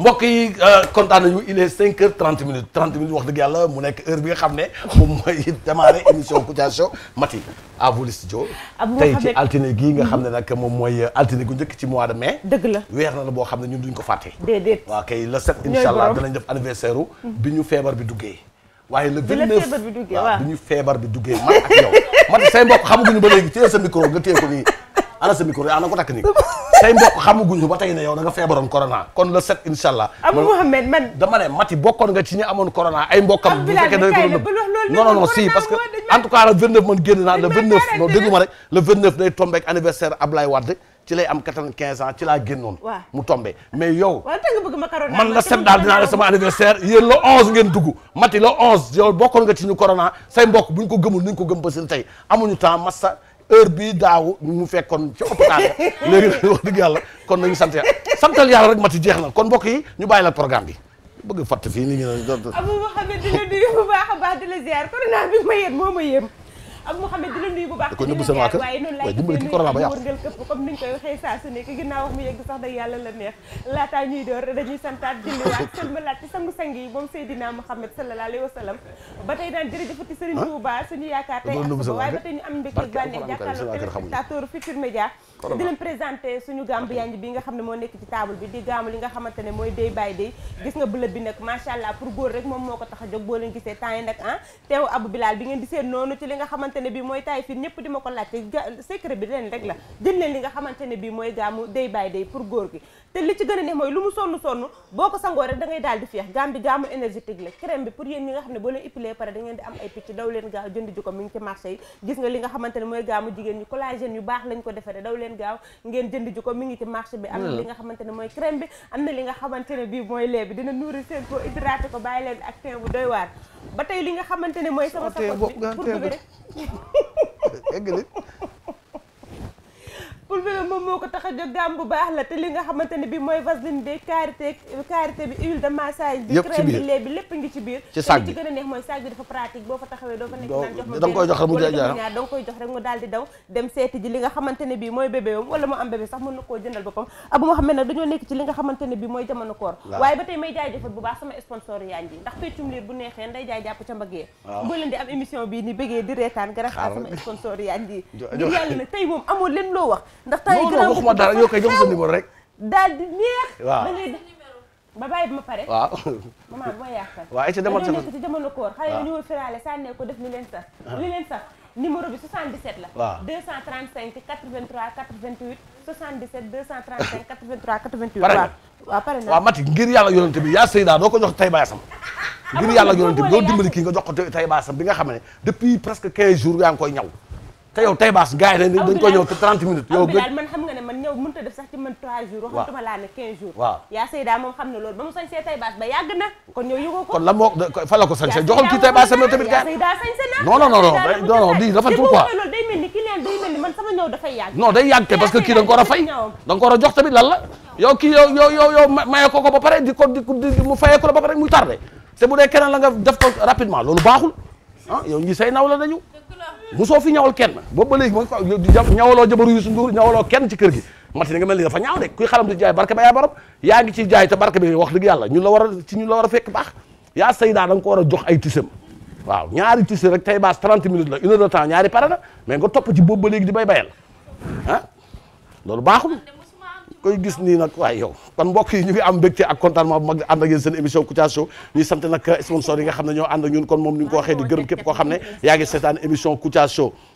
mbokk yi euh, kontaan nañu il est 5 heures 30 minutes 30 minutes wax dëgg yàlla mu nekk heure bi nga xam ne moom mooy démarrer émission Kouthia Show Mati à vous tey ci altine gii nga xam ne mm-hmm. nag moom mooy euh, altine gu njëkk ci mois de mai. dëgg la weer na la boo xam ne ñun duñ ko fàtte. déedéet la kay le danañ def anniversaire mm-hmm. bi ñu feebar bi duggee. waaye le 29 bi ñu feebar bi duggee man ak yow. Mati say mbokk xamaguñu ba léegi téye sa micro nga téye ko ala sa micro yaa na ko takk nii say mbokk xamaguñu ba tey ne yow da nga feebaroon kon le set incha allah. amul Mouhamed man dama ci ñi amoon corona ay mbokkam. bu non non si parce que en tout cas le 29 man génn naa le 29 non déggu ma rek le 29 day tombé ak anniversaire Ablaye Wade ci lay am 95 ans ci laa génnoon. waaw mu tombé mais yow. man la set daal dinaa sama anniversaire yéen le 11 ngeen dugg Mati le 11 yow bokkoon nga ci ñu corona say mbokk heure bii daaw mu fekkoon ci hôpital léegi nag wax dëgg yàlla kon nañu sant yàlla santal yàlla rek mati jeex na kon mbokk yi ñu bàyyi la programme bi bëgg fàtt fii ni ñu ne Abou Mouhamed di la a baax di la moo ma ak Mouhamed di la nuyu bu baax ko ñëbb sama kër waaye noonu laay dimbali ci corona ba yàqu wërngal këpp comme niñ neex laataa ñuy door dañuy santaat julliwaat sëlmalaat ci sangu-sang yi moom Seydina Mouhamed sallallahu alayhi wa sallam ba tey daan jërëjëfati Serigne Touba suñu yaakaar tey waaye ba ñu am mbégte bànneex jàkkaarloo téléspectateur Futurs Médias di leen présenté suñu gàmb yanj bi nga xam ne moo nekk ci table bi di gaamu li nga xamante ne mooy day bay day gis nga bëlëb bi nag macha allah pour góor rek moom moo ko tax a jóg boo leen gisee temps yi nag ah teew abu bilal bi ngeen di seen noonu ci li nga xamante ne bi mooy taay fi ñëpp di ma ko laajte secret bi leen rek la jël leen li nga xamante ne bi mooy gaamu day bay day pour góor gi te li ci gën a neex mooy lu mu sonn sonn boo ko sangoo rek da ngay daal di feex gaam bi gaamu énergétique la crème bi pour yéen ne boo leen épilé pare da ngeen di am li nga xamante ne mooy gaamu jigéen ñi collagène yu baax ngeen jënd ji ko mi ngi ci marché ne mooy crème bi am na li nga xamante ne bii mooy lait bi dina nourrir seen ko hydraté ko bàyyi leen ak teint bu doy waar ba tey li nga xamante ne mooy sama sapo bi pour bi rek pulvélo moom moo ko tax a jóg gaam bu baax la te li nga xamante bi mooy vaseline bi karité bi huile de massage bi crème bi lait bi lépp ngi ci a am bébé sax mën na koo jëndal boppam abu ma xam ne nag dañoo nekk ci li nga xamante bi mooy jamono koor waaye ba tey may jaajëfal bu baax sama sponsor yaan ndax peccum liir bu neexee nday jaay jàpp ca mbëggee bu leen di am émission bii ni bëggee di reetaan grâce sama sponsor yaan ji ngir yàlla tey moom amoo leen loo wax ndax temps yii gën a waxuma dara yow kay jox rek. daal di waaw da ngay ba bàyyi ba ma pare. waaw maman bu ma yaakaar. waaw ayca sànnee ko def li leen sax. li ah. leen sax numéro bi 77 la. waaw 235 83 88 77 235 83 88. pare na waaw pare ngir yàlla yonente bi yaa ko jox ah, ngir yàlla yonente bi doo dimbali nga jox ko tey baasam nga xam ne depuis presque 15 jours yaa ngi ko ñaw. te yow tey baas gars yi ko ñëw te minutes. yow gën man a def sax ci man 3 jours. waaw waxatuma laa ne 15 jours. waaw yaa Seyda moom xam na loolu ba mu sañsee tey baas ba yàgg na. ko kon la moo fa la ko sañsee joxal kii que kii da ko war a fay. da nga ko war a jox tamit la. yow kii yow yow yow ko ba pare di ko di mu fayee ko la ba pare muy tardé te bu dee keneen la def ko rapidement loolu baaxul ah yow say naw la dañu mosoo fi ñawal kenn boobu ba léegi mooy jabaru Youssou Ndour ñawaloo kenn ci kër gi mati nga mel ni dafa ñaaw de kuy xalam di jaay barke ba yaa borom yaa ngi ci jaay te barke bi wax dëgg yàlla ñun a ñun la war a fekk baax yaa saydaa da nga a jox ay tisam waaw ñaari tise rek tey baas 30 minutes la une heure de ñaari pare na mais nga topp ci boobu ba léegi di bay bayal ah, loolu baaxul koy gis nii nag waaye yow kon mbokk yi ñu ngi am mbégte ak contentement bu mag di ànd ak yéen émission Kouthia Show ñuy sant nag sponsor xam ne ñoo ànd ñun kon moom ni ko waxee gërëm képp koo xam ne yaa seetaan émission Kouthia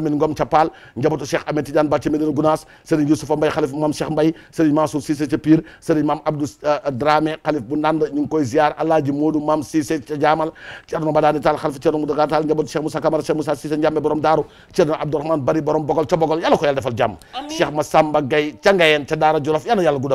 Lamine Ngom ca Paal njabootu Cheikh Ahmed Tidiane Ba ca Médina Gounass Serigne a Mbaye xalif Mame Cheikh Mbaye Serigne Mansour Cissé ca Pire Serigne Mame Abdou euh, Dramé xalif bu Ndande ñu koy ziar Alaaji Modou Mame Cissé ca Jaamal Ceerno Madani Tall xalif Ceerno Mudaga Tall njabootu Cheikh Moussa Camara Cheikh Moussa Cissé borom Daaru Ceerno Abdourahmane Bari borom Bogol ca Bogol yàlla ko defal jàmm Cheikh Massamba Gaye ca Ngayeen ca Daara Jolof yàlla yàlla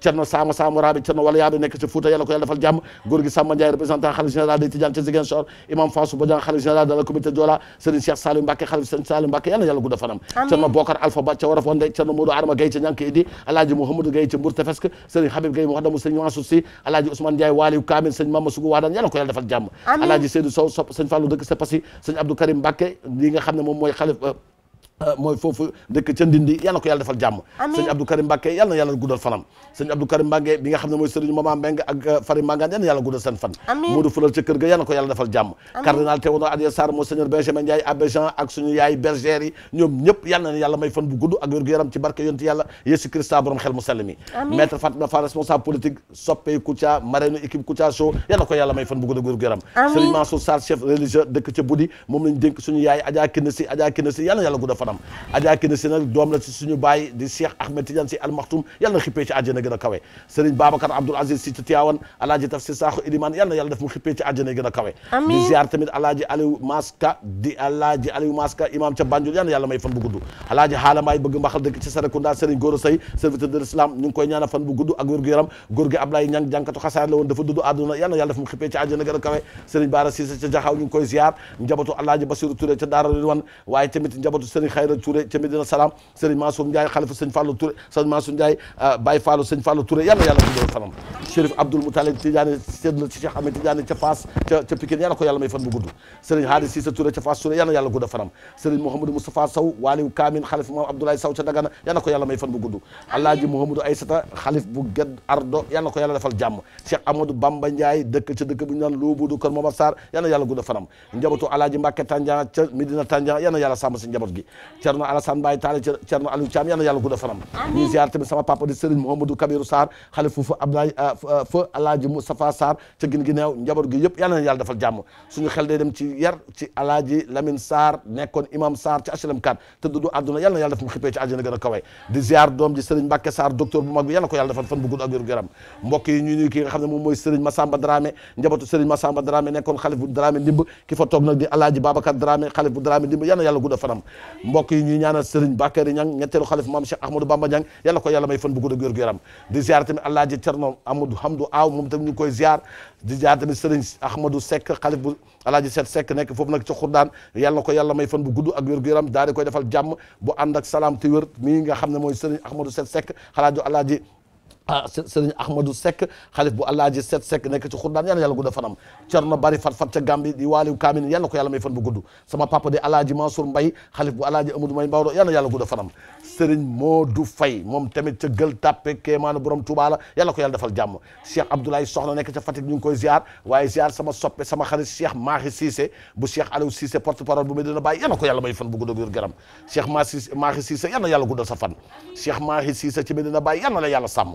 cerno saamo saamo raaɓe cerno wala yaaɓe nekk ci Fouta yàlla ko defal jàmm góor gi Samba Ndiaye représentant xalif général des ci Ziguinchor imam Fassou Bodian xalif général de la communauté Diola Serigne Cheikh Salim Mbacké xalif Serigne Salim Mbacké yàlla yàlla gudda Bokar Alpha Ba ca Waraf Wonde cerno Modou Adama Gaye ca Ñank Idi alaaji Mouhamadou Gaye ca Mbour Tefesk Serigne Habib Gaye Mouhadamou Serigne Mansour Sy alaaji Ousmane Ndiaye Waliou Kamil Serigne Ah, mooy foofu dëkk ca Ndindi yal ko yàlla defal jàmm sëñ Abdou Karim Mbacke yal na yàlla guddal fanam Karim Mbacke bi nga xam ne mooy sëriñ Mama Mbeng ak ah, Fari Mangane yal na yàlla guddal seen ca kër ga yal defal jàmm cardinal Théodore Adrien Sarr monseigneur Benjamin Ndiaye abbé Jean ak suñu yaay bergère ñoom ñëpp yal na yàlla may fan bu gudd ak wér gu ci barke yonti yàlla Yesu Christa borom xel mu sell Fatma Fall responsable fanam Adja si nag doom la si suñu baay di Cheikh Ahmed Tidiane si almaxtum yal na xippee ci àjjana gën a kawe Serigne Babacar Abdoul Aziz si Tiwaawan alaaji Tafsir Sakho Ilimane yal na yàlla def mu xippee ci àjjana gën a kawe di na yàlla may fan ci Sarakunda Serigne koy ñaanal fan bu gudd ak wér gu yaram góor gi Ablaye Ñang jànkatu xasaar la woon dafa dudd àdduna yal na yàlla ci àjjana gën a kawe Serigne Baara Cissé ca Jaxaaw ñu koy ziar njabootu alaaji Basiru Khayra Touré ca Medina Salaam Serigne Mansour Ndiaye xalifa sëñ Fallou Touré Serigne Mansour Ndiaye euh, Baye Fallou sëñ Fallou Touré ca Fass ca jàmm Cheikh Amadou Bamba Ndiaye dëkk ca dëkk bu ñu naan Loobudu Kër Momar Sarr yàlla yàlla guddal fanam njabootu Alhaji Mbacke Tandian ca Medina Tandian yàlla yàlla sàmm si njaboot gi Cerno Alassane Mbaye Taale Cerno Aliou Thiam yal na yàlla gudd fanam ñu ziar tamit sama papa di Serigne Mouhamadou Kabirou Sarr xale foofu Abdoulaye ah, fa Alaaji Moustapha gin gi neew gi yëpp yal na yàlla defal jàmm suñu xel day dem ci yar ci Alaaji Lamine Sarr nekkoon imam Sarr ci HLM 4 te dudu àdduna yal na a kawe di ziar doom ji Serigne Mbacke Sarr docteur bu mag bi yal na fan bu gudd ak wér yaram mbokk ki nga xam ne mooy Serigne Massamba Dramé njabootu Serigne Massamba Dramé nekkoon xalif bu Dramé ndimb ki fa bokk yi ñuy ñaanal Serigne Bakary Niang ñetteelu xalif mam Cheikh Ahmadou Bamba Niang yàlla ko yàlla may fan bu gudd a wér gu yaram di ziar tamit Alaaji Cerno Amadou Hamdou Aw moom tamit ñu ngi koy ziar bu Alaaji Set Seck nekk foofu nag ci daan yàlla ko yalla may fan bu gudd a wér gu yaram daal di koy defal jàmm bu ànd ak salaam te wér mii nga xam ne mooy Serigne Ahmadou Set Seck xalaaju Alaaji ah Serigne Ahmadou Seck xalif bu Alaaji Set sekk nekk ci xurdaan yal na yàlla gudd fanam Cerno bari fat fat ca Gàmbi di waaliw kaamil yal na ko yàlla may fan bu gudd sama papa di Alaaji Mansour Mbay xalif bu Alaaji Amadou Mbay Mbawdo yal na yàlla gudd fanam Serigne Modou Faye moom tamit ca Gël Tàppe Kéemaanu Borom Touba la yal na ko yàlla jàmm Cheikh Abdoulaye Soxna nekk ca Fatick ñu ngi koy ziar waaye ziar sama soppe sama xarit Cheikh Mahi Cissé bu Cheikh Aliou Cissé porte parole bu Medina Baye yal na ko yàlla may fan bu gudd garam Cheikh Mahi Cissé yal na yàlla guddal sa fan Cheikh Mahi Cissé ci Medina Baye yal na la yàlla sàmm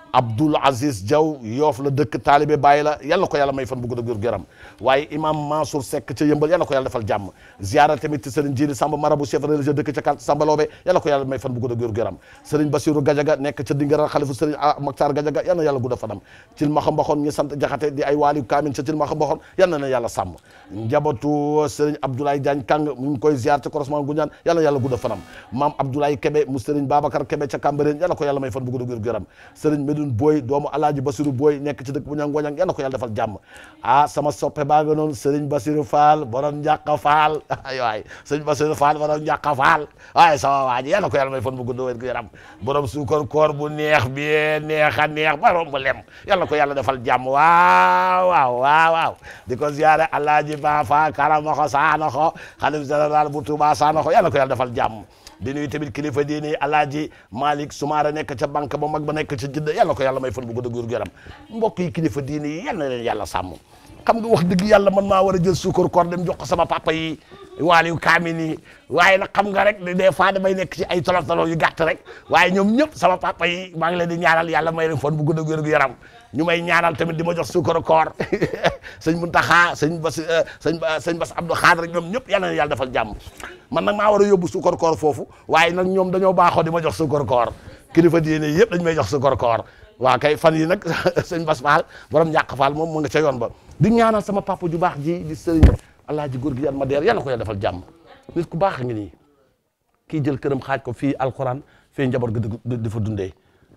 Abdoul Aziz Diaw yoof la dëkk taalibe bàyyi la yal na ko yàlla may fan bu gudd ak wér gëram waaye imam Mansour Seck ca yëmbal yal na ko yàlla defal jàmm ziara tamit sëriñ Jili Samba marabu chef religieux dëkk ca quartier bu gudd ak wér gëram sëriñ ma xam baxoon ñu sant jaxate di ay waali kaamin ca cil ma Kebe ca Cambérène yal ko yàlla may fan bu gudd ak wér gëram sëriñ Alioune Boy doomu Alaaji Basiru Boy nekk ci dëkk bu ñang wañang yal na ko yàlla defal jàmm a ah, sama soppe baa nga noonu Serigne Basiru Fall borom njàqa Fall ay waay Serigne Basiru Fall borom njàqa Fall waaye sama waa ji yal na ko yàlla may fan bu gudd wér gu yaram borom suukar koor bu neex bi neex a neex borom bu lem yal na ko yàlla defal jàmm waaw waaw waaw waaw di ko ziyaare Alaaji Ba Fa Karamaxo Saanoxo xalif général bu Touba Saanoxo yal na ko yàlla defal jàmm di nuyu tamit kilifa diini alaaji Malick Soumaré nekk ca banque ba mag ba nekk ca jidda yàlla ko yàlla may fan bu ko dëgg yaram mbokk yi kilifa diini yàlla na leen yàlla sàmm xam nga wax dëgg yàlla man maa war a jël suukar koor dem jox ko sama papa yi waaliyu kaamin yi waaye nag xam nga rek des fois damay nekk ci ay tolof tolof yu gàtt rek waaye ñoom ñëpp sama papa yi maa ngi leen di ñaanal yàlla may leen fan bu ko dëgg yaram ñu may ñaanal tamit di ma jox suukaru koor sëñ Muntaxa sëñ Bas eh, sëñ sëñ Bas Abdou Xaadir rek ñoom ñëpp yal na yàlla defal jàmm man nag maa war a yóbbu suukaru koor foofu waaye nag ñoom dañoo baaxoo di ma jox suukaru koor kilifa diine yëpp dañ may jox suukaru koor waa kay fan yi nag sëñ Bas Fall borom ñàkk Fall moom mu nga ca yoon ba di ñaanal sama papa ju baax ji di sëriñ Alaaji góor gi yan ma deer yàlla ko yàlla defal jàmm nit ku baax ngi nii kii jël këram xaaj ko fii alxuraan fii njaboot ga di fa dundee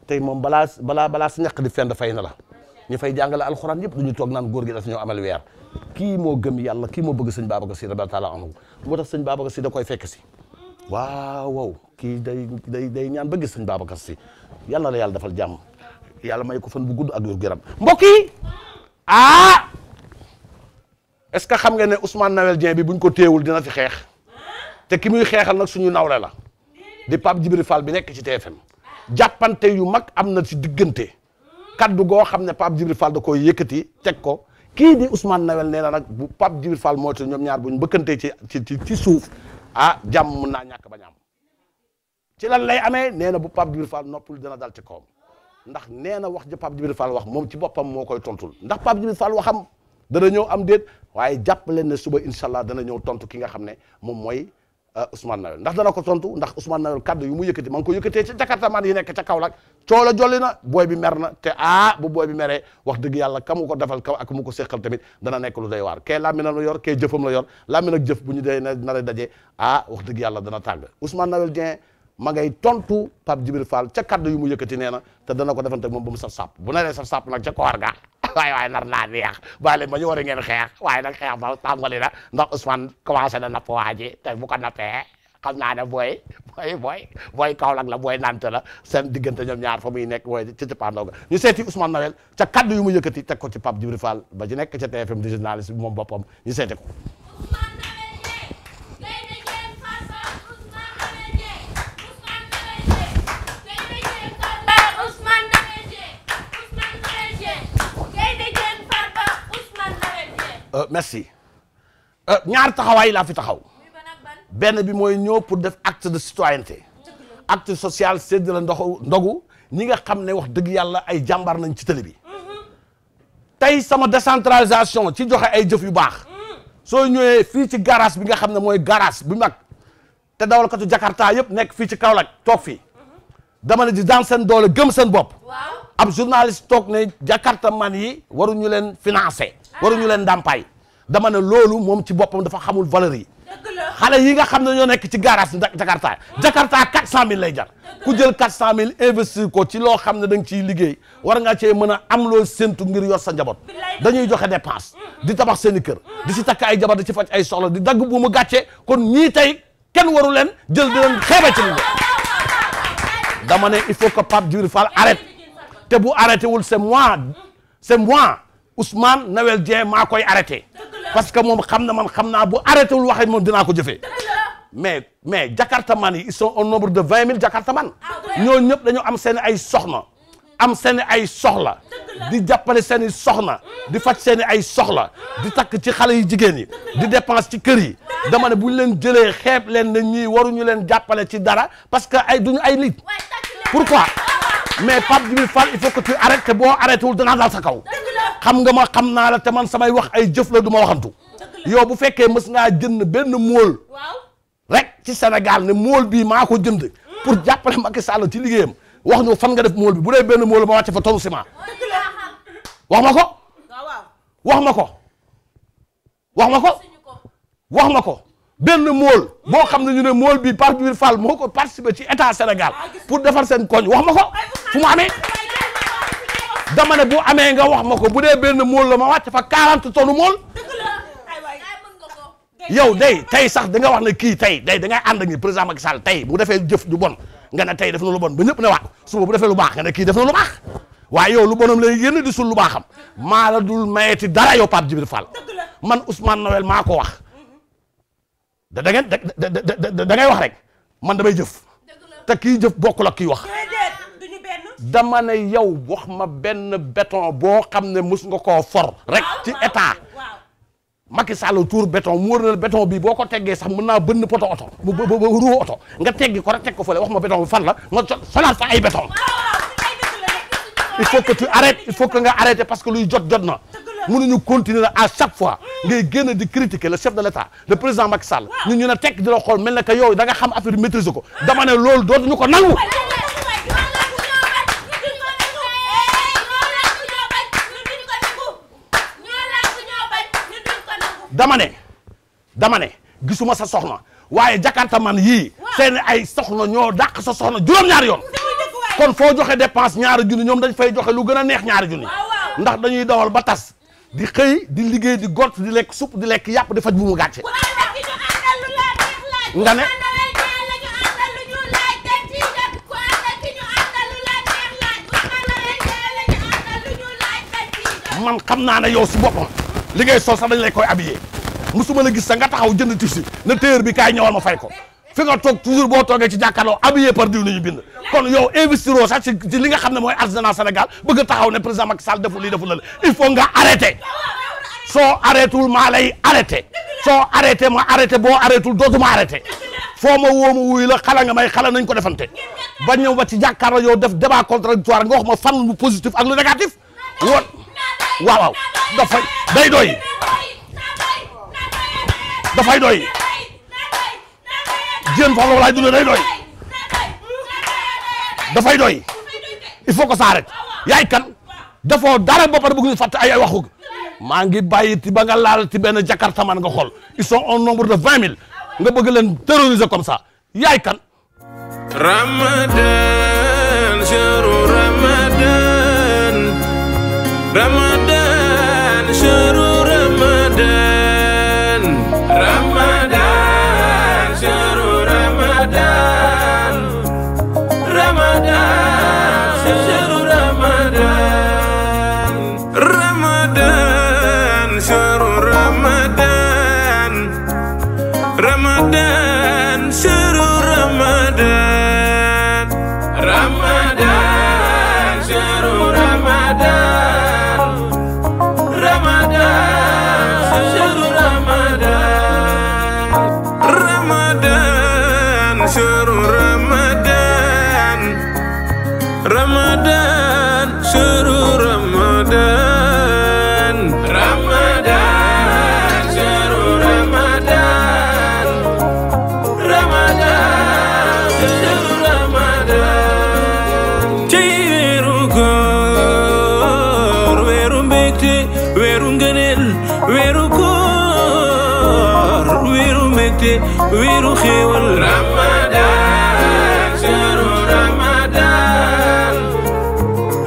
tey moom balaa balaa balaa sa ñaq di fend fay na la ñu fay jàngale alxuraan yëpp duñu toog naan góor gi daf ñoo amal weer kii moo gëm yàlla kii moo bëgg sëñ Babacar Sy rabbi taala anhu moo tax sëñ Babacar Sy da koy fekk si waaw waaw kii day day day ñaan ba gis sëñ Babacar Sy yàlla la yàlla dafal jàmm yàlla may ko fan bu gudd ak yu gërëm mbokk yi ah! ce que xam nga ne Ousmane Noël Dieng bi buñ ko téewul dina fi xeex te ki muy xeexal nag suñu nawle la di Pape Djibril Fall bi nekk ci TFM jàppante yu mag am na ci diggante kaddu goo xam ne Pape Djibril Fall da ko yëkkati teg ko kii di Ousmane Nawel nee na nag bu Pape Djibril Fall moo ci ñoom ñaar bu ñu bëkkante ci ci ci suuf ah jàmm mun naa ñàkk bañ am ci lan lay amee nee na bu Pape Djibril Fall noppul dana daal ci kawam ndax nee na wax ja Pape Djibril Fall wax moom ci boppam moo koy tontul ndax Pape Djibril Fall waxam dana ñëw am déet waaye jàpp leen ne suba incha allah dana ñëw tontu ki nga xam ne moom mooy. Ah, Ousmane Noël ndax dana ko tontu ndax Ousmane Noël kaddu yu mu yëkkati ma ngi ko yëkkatee ci jakarta man yi nekk ca Kaolack coola jolli na booy bi mer na te ah bu booy bi meree wax dëgg yàlla ka mu ko defal kaw ak mu ko seqal tamit dana nekk lu day waar kee làmmiñ la yor kee jëfam la yor làmmiñ ak bu ñu dee nar a daje ah wax dëgg yàlla dana tàng Ousmane Noël Dieng ma ngay tontu Pape Djibril Fall ca kaddu yu mu yëkkati nee na te dana ko defante moom ba mu saf sàpp bu naree saf sàpp nag ca koor ga waaye waaye nar naa neex baa ma ñu war a ngeen xeex waaye nag xeex ba tàmbali na ndax Ousmane commencé na napp waa ji te bu ko nappee xam naa ne booy booy booy booy Kaolack la booy Nante la seen diggante ñoom ñaar fa muy nekk booy ci dépendance ñu seeti Ousmane Noël ca kaddu yu mu yëkkati teg ko ci Pape Djibril Fall ba ci nekk ca TFM di journaliste bi moom boppam ñu seeti ko Euh, merci euh, ñaar taxawaay laa fi taxaw benn bi mooy ñëw pour def acte de citoyenneté acte social sedd la ndoxu ndogu ñi nga xam ne wax dëgg yàlla ay jàmbaar nañ ci télé bi tey sama décentralisation ci joxe ay jëf yu baax soo ñëwee fii ci garage bi nga xam ne mooy garage bi mag te dawal dawalkatu Jakarta yëpp nekk fii ci Kaolack toog fi dama ne ji daan seen doole gëm seen bopp ab journaliste toog ne Jakarta man yi waruñu leen financer waruñu leen ndàmpaay dama loolu moom ci boppam dafa xamul valeur yi xale yi nga xam ne ñoo nekk ci garage Jakarta Jakarta 400000 lay jar ku jël 400000 investir ko ci loo xam ne da nga ciy liggéey war nga cee mën a am loo séntu ngir yor sa njaboot dañuy joxe dépense di tabax seen i kër di si takk ay jabar di ci faj ay soxla di dagg bu mu gàccee kon ñii tey kenn waru leen jël di leen xeebe ci liggéey dama ne il faut que Pape Djibril Fall arrête te bu arrêté wul c'est moi c'est moi Ousmane Noël Dieng maa koy arrêté parce que moom xam na man xam naa bu arrêté wul waxee moom dinaa ko jëfee mais mais jakartaman yi ils sont au nombre de vingt mille jakartaman ñoo ñëpp dañoo am seen ay soxna am seen ay soxla di jàppale seen i soxna di faj seen ay soxla di takk ci xale yi jigéen yi di dépense ci kër yi dama ne bu leen jëlee xeeb leen ne ñii waruñu leen jàppale ci dara parce que ay duñu ay nit pourquoi mais Pape Djibril Fall il faut boo arrêté wul danaa dal kaw xam nga ma xam naa la te man samay wax ay jëf la du ma waxantu yow bu fekkee mës ngaa jënd benn mool rek ci senegal ne mool bii maa ko jënd mm. pour jàppale Macky Sall ci liggéeyam wax ñu fan nga def mool bi bu dee benn mool ma wàcce fa tonu ciment wax ma ko wax ma ko wax ma ko wax ma ko benn mool boo xam ne ñu ne mool bi par Djibril Fall moo ko participé ci état Sénégal ah, pour defar seen koñ wax ma ko fu mu amee dama ne bu amee nga wax ma ko bu dee benn mool la ma wàcc fa 40 tonnes mool yow day tey sax da nga wax ne kii tey day da ngay ànd ak ni président Macky Sall tey bu defee jëf du bon nga ne tey def na lu bon ba ñëpp ne waaw suba bu defee lu baax nga na kii def na lu baax waaye yow lu bonam lay yénn di sul lu baaxam maa la dul mayeti dara yow Pape Djibril Fall man Ousmane Noël maa ko wax da da ngeen da da da ngay wax rek man damay jëf kii jëf bokkul ak kii wax. dama ne yow wax ma benn beton boo xam ne mus nga koo for rek ci état Macky Sall tuur béton mu wër na béton bi boo ko teggee sax mën naa bënn poto oto ruu oto nga teggi ko rek teg ko fële wax ma béton bi fan la nga solaat fa ay béton il faut que tu arrêtes il faut que nga arrêté parce que luy jot jot na mënuñu continuer na à chaque fois mm. ngay génn di critiquer la chef de l'état le président Macky Sall ñun ñu ne tekk di la xool mel ne que yow da nga xam affaire maîtriser ko dama ne loolu dootuñu ko nangu damane damane gisuma sa soxna waaye jakarta man yii seen ay soxna ñoo dàq sa soxna juróom-ñaari yoon kon foo joxe dépense ñaari junni ñoom dañ fay joxe lu gën a neex ñaari junni ndax dañuy dawal ba tas di xëy di liggéey di gont di lekk supp di lekk yàpp di faj bu mu gàcce nga ne man xam naa ne yow si boppam li ngay sol sax dañ lay koy habillé musuma la gis sa nga taxaw jënd tissu na téer bi kaay ñëwal ma fay ko fi nga toog toujours boo toogee ci jàkkaarloo habillé par diw nañu bind kon yow investiroo sax ci li nga xam ne mooy artisanat Sénégal bëgg a taxaw ne président Macky Sall deful lii deful la il faut nga arrêté soo arrêté wul maa lay arrêté soo arrêté ma arrêté boo arrêté wul dootuma arrêté foo ma woo ma wuy nga may xala nañ ko defante ba ñëw ba ci jàkkaarloo yow def débat contradictoire nga wax ma fan lu positif ak waaw waaw dafay day doy dafay doy jën fa la walaay dundee day doy dafay doy il faut que ça arrête yaay kan dafoo dara ba pare bëgg ñu fàtte ay ay waxu maa ngi bàyyi ti ba nga laal ci benn jakarta man nga xool ils sont au nombre de vingt mille nga bëgg leen terroriser comme ça yaay kan. Ramadan, Ramadan. رمضان شهر mbégte weeru xéewal ramadan seeru ramadan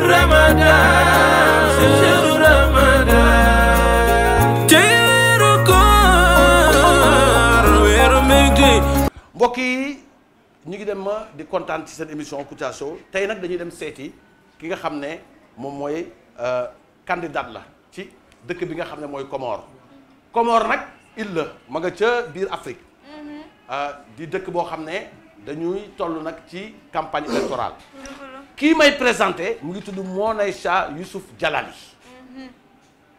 ramadan seeru ramadan teeru koor weeru mbégte mbokk yi ñu ngi dem ma di kontaan ci seen émission Kouthia tey nag dañuy dem seeti ki nga xam ne moom mooy euh, candidat la ci dëkk bi nga xam ne mooy Comore Comore nag il la ma nga ca biir Afrique ah, di dëkk boo xam ne dañuy toll nag ci campagne électorale kii may présenté mu ngi tudd Monaïcha Youssouf Jalali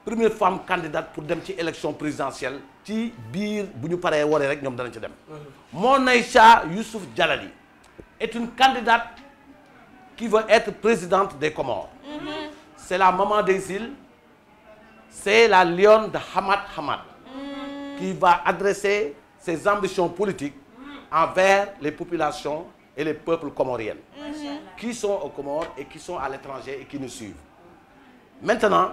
première femme candidate pour dem ci élection présidentielle ci biir bu ñu paree waree rek ñoom danañ ci dem Monaïcha Youssouf Jalali est une candidate qui veut être présidente des Comores c'est la maman des îles c'est la lionne de Hamad Hamad qui va adresser ses ambitions politiques envers les populations et les peuples comoriennes qui sont aux Comores et qui sont à l'étranger et qui nous suivent. Maintenant,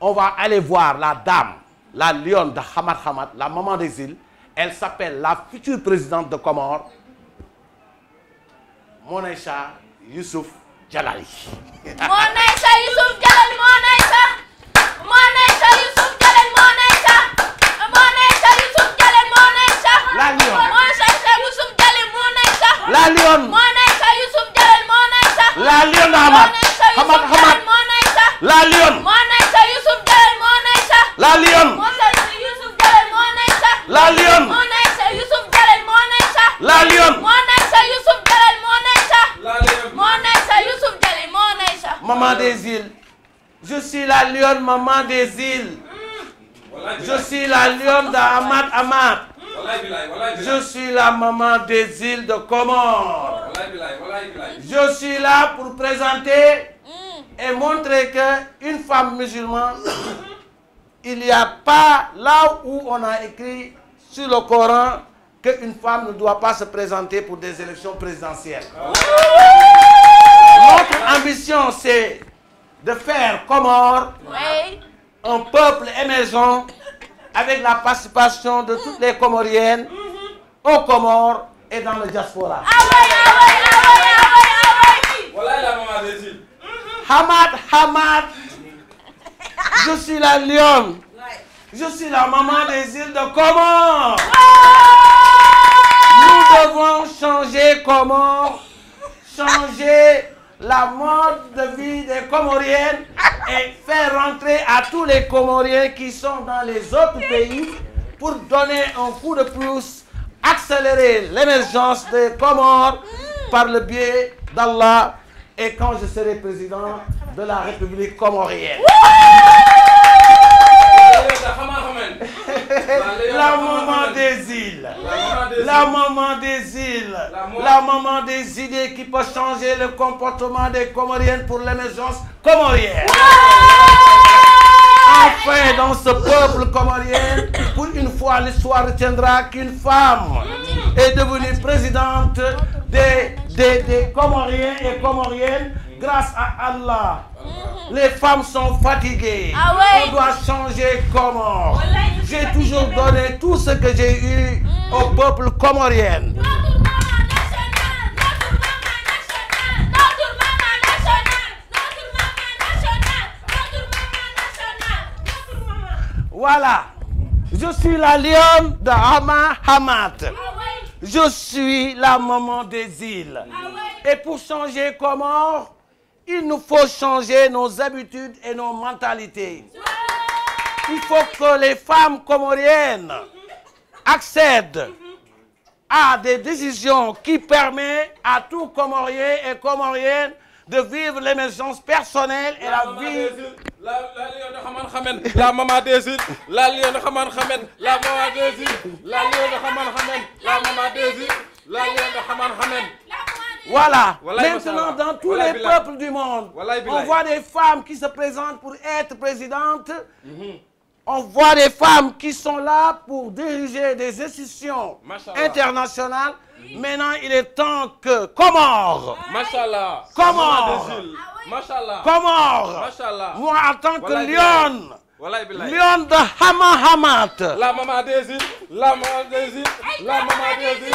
on va aller voir la dame, la lionne de Hamad Hamad, la maman des îles. Elle s'appelle la future présidente de Comores, Monaïcha Youssouf Jalali. Monaïcha Youssouf Jalali, Monaïcha, Monaïcha. la lion moo nay sa Youssouf Jalal moo nay sa la lion xamaat xamaat xamaat moo nay sa la lion moo nay sa Youssouf Jalal moo nay sa la lion moo nay sa Youssouf Jalal moo nay sa la lion moo nay sa Youssouf Jalal moo nay sa la lion moo nay sa Youssouf Jalal moo nay sa la lion moo nay sa Youssouf Jalal moo nay sa maman des îles je suis la lionne maman des îles je suis la lionne d'Amat Amat Je suis la maman des îles de Comores. Je suis là pour présenter mm. et montrer qu'une femme musulmane, il n'y a pas là où on a écrit sur le Coran qu'une femme ne doit pas se présenter pour des élections présidentielles. Notre ambition, c'est de faire Comores un peuple émergent avec la participation de toutes les Comoriennes mm-hmm. aux Comores et dans le diaspora. Mm-hmm. Hamad, Hamad, je suis la lionne. Je suis la maman des îles de Comores. Nous devons changer Comores, changer la mode de vie des Comoriennes et faire rentrer à tous les Comoriens qui sont dans les autres pays pour donner un coup de pouce, accélérer l'émergence des Comores par le biais d'Allah et quand je serai président de la République comorienne. la maman des îles la maman des îles la maman des idées qui peut changer le comportement des Comoriennes pour l'émergence comorienne enfin dans ce peuple comorien pour une fois l'histoire retiendra qu'une femme est devenue présidente des des et Comoriennes Grâce à Allah, les femmes sont fatiguées. Ah On doit changer comment. J'ai toujours donné tout ce que j'ai eu mm. au peuple comorien. Voilà. Je suis la lionne de Hama Hamad. Ah je suis la maman des îles. Ah Et pour changer comment il nous faut changer nos habitudes et nos mentalités. Il faut que les femmes comoriennes accèdent à des décisions qui permettent à tout Comorien et Comorienne de vivre l'émergence personnelle et la, vie. la la Léona xaman xamen la maman des îles la Léona xaman xamen la voilà maintenant dans tous les peuples du monde on voit des femmes qui se présentent pour être présidentes mm-hmm. on voit des femmes qui sont là pour diriger des institutions internationales mm-hmm. maintenant il est temps que Comores machallah Comores ah machallah Comores moi en tant que lionne lionne de Hamahamat la maman des îles la maman des îles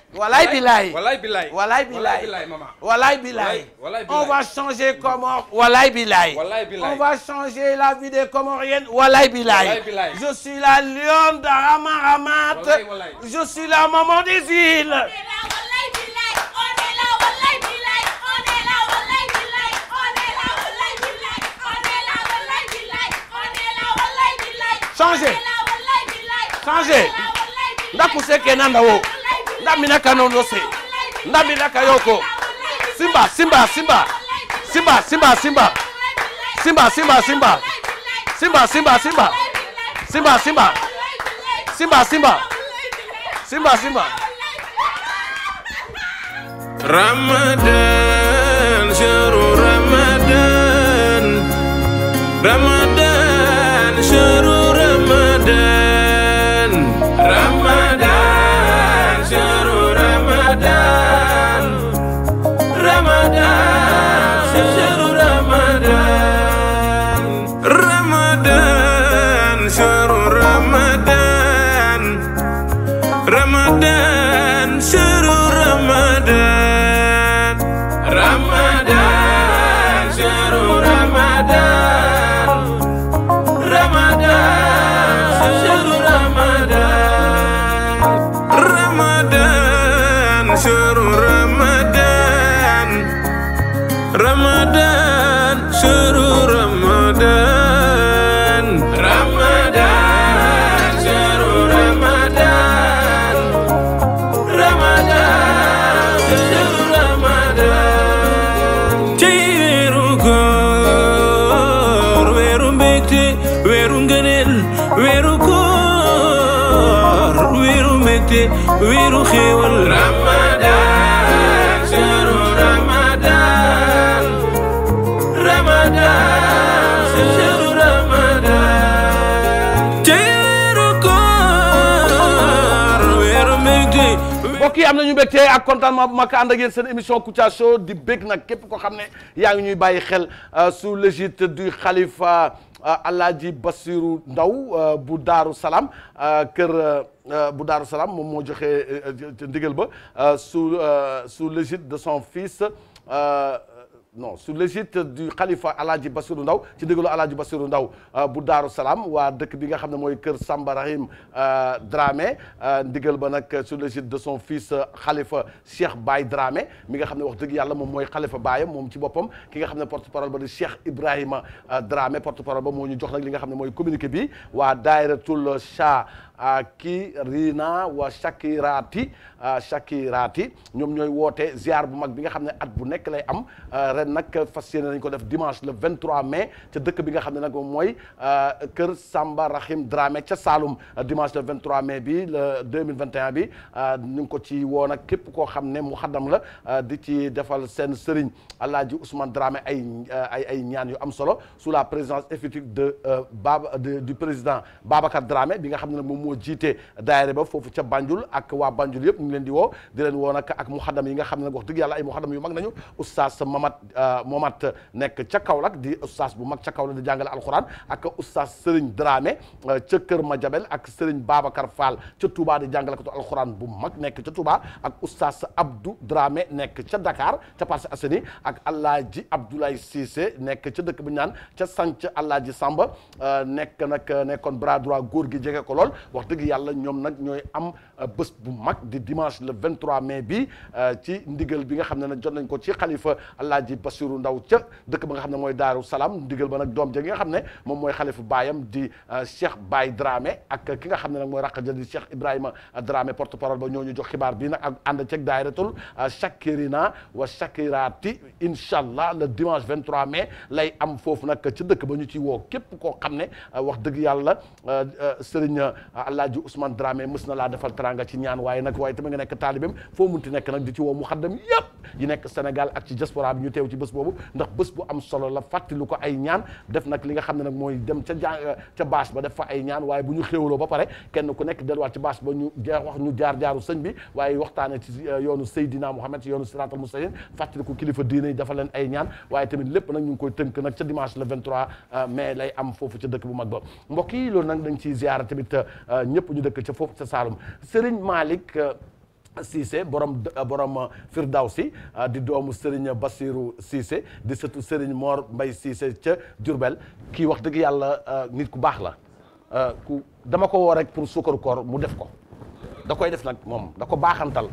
Walaay bilaay. Walaay bilaay. Walaay bilaay maman. Walaay bilaay. On va changer Comores. Walaay bilaay. On va changer la vie des Comoriennes. Walaay bilaay. Je la lionne de Ramaramat. Je suis la maman des îles. Changer. Changer. Ndakuseke nandawo. ndaminaka nonose ndaminaka yoko simba simba simba simba simba simba simba simba simba simba simba simba simba simba simba simba simba simba Ramadan mbégte weeru xéewal ramadan mbokk yi am nañu mbégte ak contentement bu mag ànd a yéen seen émission Kouthia Show di bég nag képp ko xam ne yaa ngi ñuy bàyyi xel euh, sous l'égide du xalifa euh, Alaaji Bassirou Ndaw euh, bu Daaru Salaam kër bu Daaru Salaam moom moo joxe ndigal ba su sous l'égide de son fils non sur le site du xalifa alaaji Bassirou Ndaw ci déglu alaaji Bassirou Ndaw euh, bu Daaru Salaam waa dëkk bi nga xam ne mooy kër Samba Rahim euh, Dramé euh, ndigal ba nag su le site de son fils xalifa Cheikh Baye Dramé mi nga xam ne wax dëgg yàlla moom mooy xalifa baayam moom ci boppam ki nga xam ne porte parole ba di Cheikh Ibrahima Dramé porte parole ba moo ñu jox nag li nga xam ne mooy communiqué bi waa daayratul Shah Kirina wa Shakirati Shakirati ñoom ñooy woote ziar bu mag bi nga xam ne at bu nekk lay am ren nag fas yéene nañ ko def dimanche le 23 mai ca dëkk bi nga xam ne nag mooy kër Samba Rahim Dramé ca Saloum dimanche le 23 mai bi le 2021 bi ñu ngi ko ci woo nag képp koo xam ne mu xaddam la di ci defal seen sëriñ Alaaji Ousmane Dramé ay ay ay ñaan yu am solo su la présidence effective de euh, Baba du président Babacar Dramé bi nga xam ne nag moom moo jiite daayira ba foofu ca Banjul ak waa Banjul yëpp ñu leen di woo di leen woo nag ak muxadam yi nga xam ne nag wax dëgg yàlla ay muxadam yu mag nañu oustaz Mamat euh, Momat nekk ca Kaolack di oustaz bu mag ca Kaolack di jàngale alxuraan ak oustaz Serigne Dramé euh, ca Kër Madiabel ak sëriñ Babacar Fall ca Touba di jàngalekatu alxuraan bu mag nekk ca Touba ak oustaz Abdou Dramé nekk ca dakaar ca Parcelles Assainies ak Alaaji Abdoulaye Cissé nekk ca dëkk bu ñu naan ca Sanc Alaaji Samba euh, nekk nag nekkoon bras góor gi jege ko lool wax dëgg yàlla ñoom nag ñooy am Euh, bés bu mag di dimanche le 23 mai bi euh, ci ndigal bi nga xam ne nag jot nañ ko ci xalifa ji Basiru Ndaw ca dëkk ba nga xam ne mooy Daaru Salaam ndigal ba nag doom ja nga xam ne moom mooy xalifa baayam di euh, Cheikh Baye Dramé ak ki nga xam ne nag mooy raqa ja di Cheikh Ibrahima Dramé porte parole ba ñoo ñu jo xibaar bi na ak ànd ceeg daayratul Shakirina wa Shakirati incha allah le dimanche 23 mai lay am foofu nag ci dëkk ba ñu ci woo képp koo xam ne wax dëgg yàlla Serigne Alaaji Ousmane Dramé mës na laa defal teraanga ci ñaan waaye nag waaye tamit nga nekk taalibeem foo munti nekk nag ci woo mu xaddam yépp yi nekk Sénégal ak ci diaspora bi teew ci bés boobu ndax bés bu am solo la fàttali ko ay ñaan def nag li nga xam ne nag mooy dem ca ja ba def fa ay ñaan waaye bu ñu xéwloo ba pare kenn ku nekk delluwaat ci bâche ba ñu wax ñu jaar jaaru sëñ bi waaye waxtaane ci euh, yoonu Seydina Mouhamed ci yoonu siratal mustaqim fàttali ko kilifa diine yi dafa ay ñaan waaye Serigne Malick euh, Cissé borom euh, borom euh, Firdawsi di doomu Serigne Bassirou Cissé di sëtu Serigne Mor Mbaye Cissé ca Diourbel kii wax dëgg yàlla nit ku baax la ku dama ko woo rek pour suukar koor mu def ko da koy def nag moom da ko baaxantal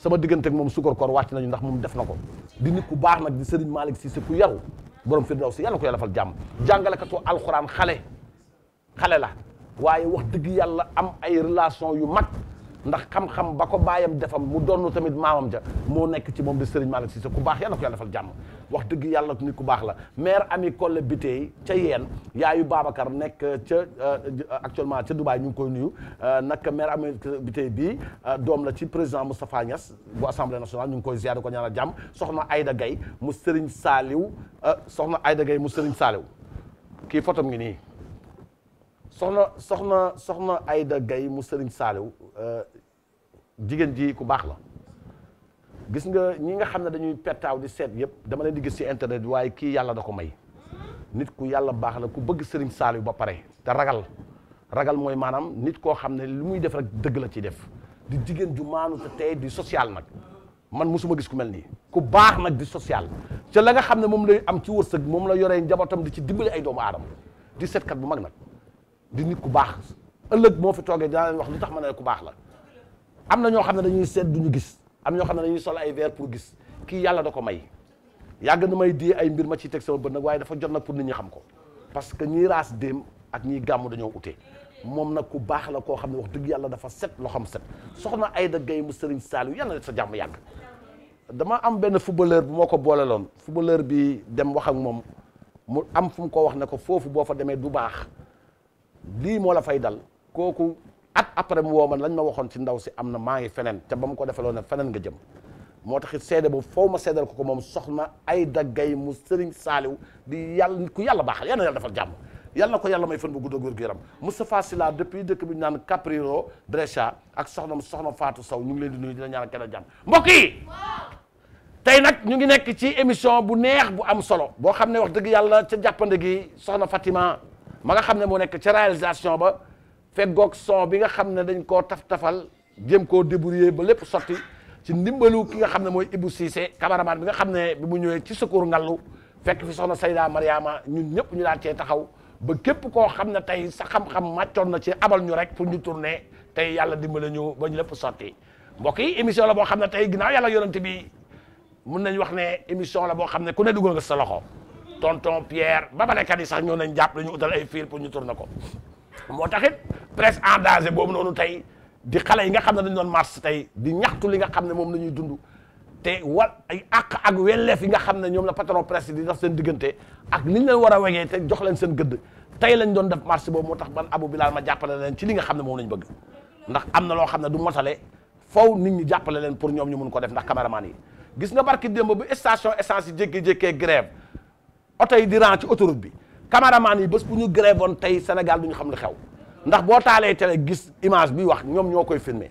sama diggante ak moom suukar koor wàcc nañu ndax moom def na ko di nit ku baax nag di Serigne Malick Cissé ku yaru borom Firdawsi yàlla ko yàlla fal jàmm jàngalekatu alxuraan xale xale la waaye wax dëgg yàlla am ay relation yu mag ndax xam-xam ba ko baayam defam mu donn tamit maamam ja moo nekk ci moom di Serigne Malick Cissé ku baax yàlla ko yàlla defal jàmm wax dëgg yàlla nit ku baax la maire Ami Collé Biteye ca yeen yaayu Babacar nekk ca euh, actuellement ca Dubaay ñu ngi koy nuyu euh, nag maire Ami Biteye bii euh, doom la ci président Moustapha Niass bu assemblée nationale ñu ngi koy ziar ko ñaanal jàmm soxna Aïda Gaye mu Serigne Saliou soxna Aïda gay mu Serigne Saliou kii fotom ngi nii soxna soxna soxna Ayda Gaye mu Sëriñ Saaliw euh, jigéen ji ku baax la gis nga ñi nga xam ne dañuy pettaaw di seet yëpp dama leen di gis ci internet waaye kii yàlla da ko may nit ku yàlla baax la ku bëgg Sëriñ Saaliw ba pare te ragal ragal mooy maanaam nit koo xam ne li muy def rek dëgg la ci def di jigéen ju maanu te tey di social nag man mosuma gis ku mel nii ku baax nag di social ca la nga xam ne moom lay am ci wërsëg moom la yoree njabootam di ci dimbali ay doomu aadama di seetkat bu mag nag di nit ku baax ëllëg moo fi toogee dinaa wax lu tax ma ne ku baax la am na ñoo xam ne dañuy seet du ñu gis am ñoo xam ne dañuy sol ay verre pour gis kii yàlla da ko may yàgg na may di ay mbir ma ciy teg sama bët nag waaye dafa jot nag pour nit ñi xam ko parce que ñii raas déem ak ñiy gàmmu dañoo ute moom nag ku baax la koo xam ne wax dëgg yàlla dafa set loxoom set soxna ay Ayda Gaye mu Serigne Saliou yàlla def sa jàmm yàgg dama am benn footballeur bi moo ko booleloon footballeur bi dem wax ak moom mu am fu mu ko wax ne ko foofu boo fa demee du baax lii moo la fay dal kooku at après mu woo man lañ ma waxoon ci ndaw si am na maa ngi feneen te ba mu ko defaloon ne feneen nga jëm moo tax it seede boobu foo ma seedal ko ko moom soxna ay daggay mu sëriñ saaliw di yàlla ku yàlla baaxal yal na yàlla defal jàmm yàlla na ko yàlla may fan bu gudd ak wér-gu-yaram Moustapha Sylla depuis dëkk bi ñu naan Capriro Brescia ak soxna soxna faatu saw ñu ngi leen di nuyu dina ñaan kenn jàmm mbokk yi tey nag ñu ngi nekk ci émission bu neex bu am solo boo xam ne dëgg yàlla ca jàppande gi soxna Fatima ma nga xam ne moo nekk ca réalisation ba feggoog son bi nga xam ne dañ koo taf-tafal jéem koo débrouiller ba lépp sotti ci ndimbalu ki nga xam ne mooy Ibou Cissé cameraman bi nga xam ne bi mu ñëwee ci secours ngallu fekk fi soxna Sayda Mariama ñun ñëpp ñu daal cee taxaw ba képp koo xam ne tey sa xam-xam màccoon na ci abal ñu rek pour ñu tourner tey yàlla dimbale ñu ba ñu lépp sotti mbokk yi émission la boo xam ne tey ginnaaw yàlla yonent bi mun nañ wax ne émission la boo xam ne ku ne dugal nga sa loxo tonton Pierre ba balekat yi sax ñoo nañ jàpp la ñu utal ay fiil pour ñu tourner ko moo taxit presse en danger boobu noonu tey di xale yi nga xam ne dañ doon marche tey di ñaxtu li nga xam ne moom la ñuy dund te wal ay àq ak welleef nga xam ne ñoom la patron def seen diggante ak li ñu leen war a wegee te jox leen seen gëdd tey lañ doon def marche boobu moo tax ban Abou Bilal ma jàppale leen ci li nga xam ne moom lañ bëgg ndax am na loo xam ne du motale faw nit ñi jàppale leen pour ñoom ñu mun ko def ndax maan yi gis nga barki démb bu station essence yi jékki-jékkee grève oto yi di ran ci autoroute bi caméraman yi bés bu ñu grévoon tey Sénégal du ñu xam lu xew ndax boo taalee tele gis image bi wax ñoom ñoo koy filmer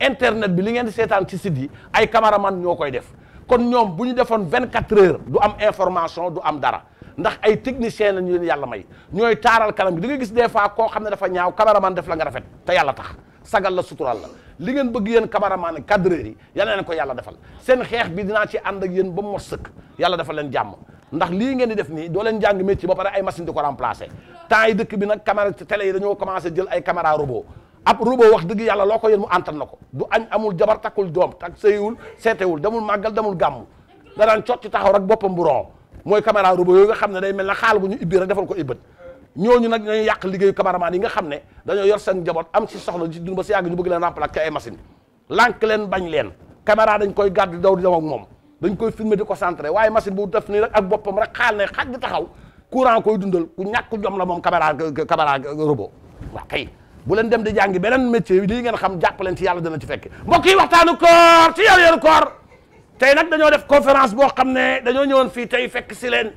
internet bi li ngeen di seetaan ci site yi ay caméraman ñoo koy def kon ñoom bu ñu defoon vingt quatre heures du am information du am dara ndax ay technicien lañu leen yàlla may ñooy taaral kanam gi di nga gis des fois koo xam ne dafa ñaaw caméraman def la nga rafet te yàlla tax sagal la sutural la li ngeen bëgg yéen cameraman ak cadreur yi yal na ko yàlla defal seen xeex bi dinaa ci ànd ak yéen ba mu mos sëkk yàlla defal leen jàmm ndax lii ngeen di def nii doo leen jàng métier ba pare ay machine di ko remplacer temps yi dëkk bi nag caméra télé yi dañoo commencé jël ay caméra robot ab robot wax dëgg yàlla loo ko yéen mu antan na ko du añ amul jabar takkul doom tak sëyiwul seetewul demul màggal demul gàmm danaan cot ci taxaw rek boppam bu ron mooy caméra robot yooyu nga xam ne day mel na xaal bu ñu ibbi rek defal ko ibbat ñooñu nag dañuy yàq liggéeyu cameraman yi nga xam ne dañoo yor seen njaboot am si soxla ci dund ba si yàgg ñu bëgg leen remplacer ay machine lànk leen bañ leen caméra dañ koy gàddu daw di dem ak dañ koy filmer de ko centré waaye machine bu def nii rek ak boppam rek xaal ne xaj di taxaw courant koy dundal ku ñàkk jom la moom caméra caméra robot waaw kay bu leen dem di jàngi beneen métier lii ngeen xam jàpp leen ci yàlla dana ci fekk mbokk yi waxtaanu koor ci yor yoru koor tey nag dañoo def conférence boo xam ne dañoo ñëwoon fii tey fekk si leen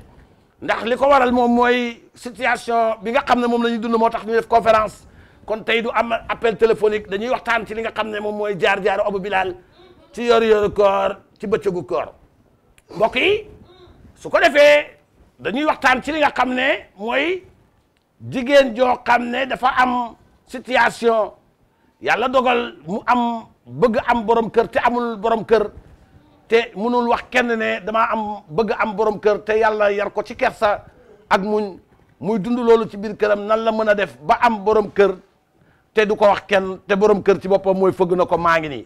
ndax li ko waral moom mooy situation bi nga xam ne moom la ñuy dund moo tax ñu def conférence kon tey du am appel téléphonique dañuy waxtaan ci li nga xam ne moom mooy jaar jaar Abu Bilal ci yor yoru ci bëccëgu koor mbokk yi su ko defee dañuy waxtaan ci li nga xam ne mooy jigéen joo xam ne dafa am situation yàlla dogal mu am bëgg am borom kër te amul borom kër te mënul wax kenn ne damaa am bëgg am borom kër te yàlla yar ko ci kersa ak muñ muy dund loolu ci biir këram nan la mën a def ba am borom kër te du ko wax kenn te borom kër ci boppam mooy fëgg na ko maa ngi nii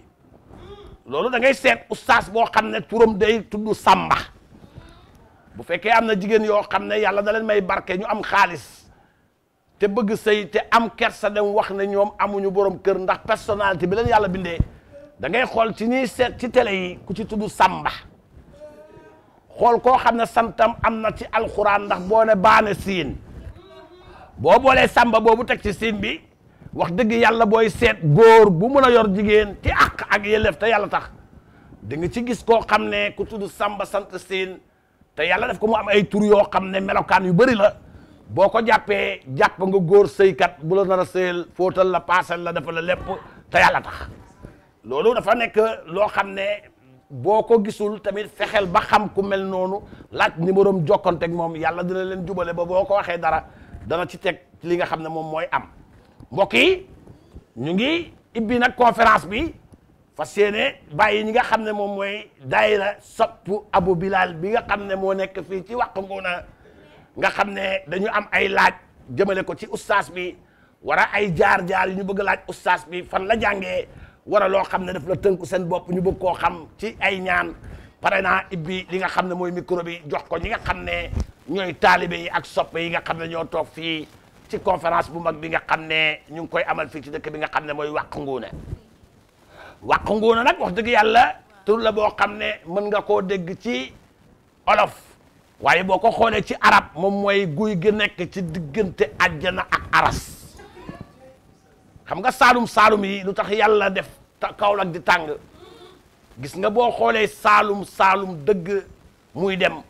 loolu da ngay seet ustaas boo xam ne turam day tudd sàmba bu fekkee am na jigéen yoo xam ne yàlla da may barke ñu am xaalis te bëgg sëy te am kersa dem wax ne ñoom amuñu borom kër ndax personnalité bi leen yàlla bindee da ngay xool ci ñuy seet ci télé ku ci tudd sàmba xool koo xam ne santam am na ci alxuraan ndax boo ne baane siin boo boolee sàmba boobu teg ci siin bi wax dëgg yàlla booy seet góor bu mën a yor jigéen ci àq ak yelleef te yàlla tax di ci gis koo xam ne ku tudd sàmba sant Seen te yàlla def ko mu am ay tur yoo xam ne melokaan yu bari la boo ko jàppee jàpp nga góor sëykat bu la nar a sëyal fóotal la paasal la dafa la lépp te yàlla tax loolu dafa nekk loo xam ne boo ko gisul tamit fexeel ba xam ku mel noonu laaj numéro am jokkonteeg moom yàlla dina leen jubale ba boo ko waxee dara dana ci teg li nga xam ne moom mooy am mbokk yi ñu ngi ibbi nag conférence bi fas yéene bàyyi ñi nga xam ne moom mooy daayira sopp Abu Bilal bi nga xam ne moo nekk fii ci wàq Nguna nga xam ne dañu am ay laaj jëmale ko ci ustaas bi wara ay jaar-jaar ñu bëgg laaj ustaas bi fan la jàngee wara loo xam ne daf la tënku seen bopp ñu bëgg koo xam ci ay ñaan pare naa ibbi li nga xam ne mooy micro bi jox ko ñi nga xam ne ñooy taalibe yi ak soppe yi nga xam ne ñoo toog fii ci conférence bu mag bi nga xam ne ñu ngi koy amal fii ci dëkk bi nga xam ne mooy wàq nguuna wàq nguuna nag wax dëgg yàlla tur la boo xam ne mën nga koo dégg ci olof waaye boo ko xoolee ci arab moom mooy guy gi nekk ci diggante àjjana ak aras xam nga saalum saalum yi lu tax yàlla def Kaolack di tàng gis nga boo xoolee saalum saalum dëgg muy dem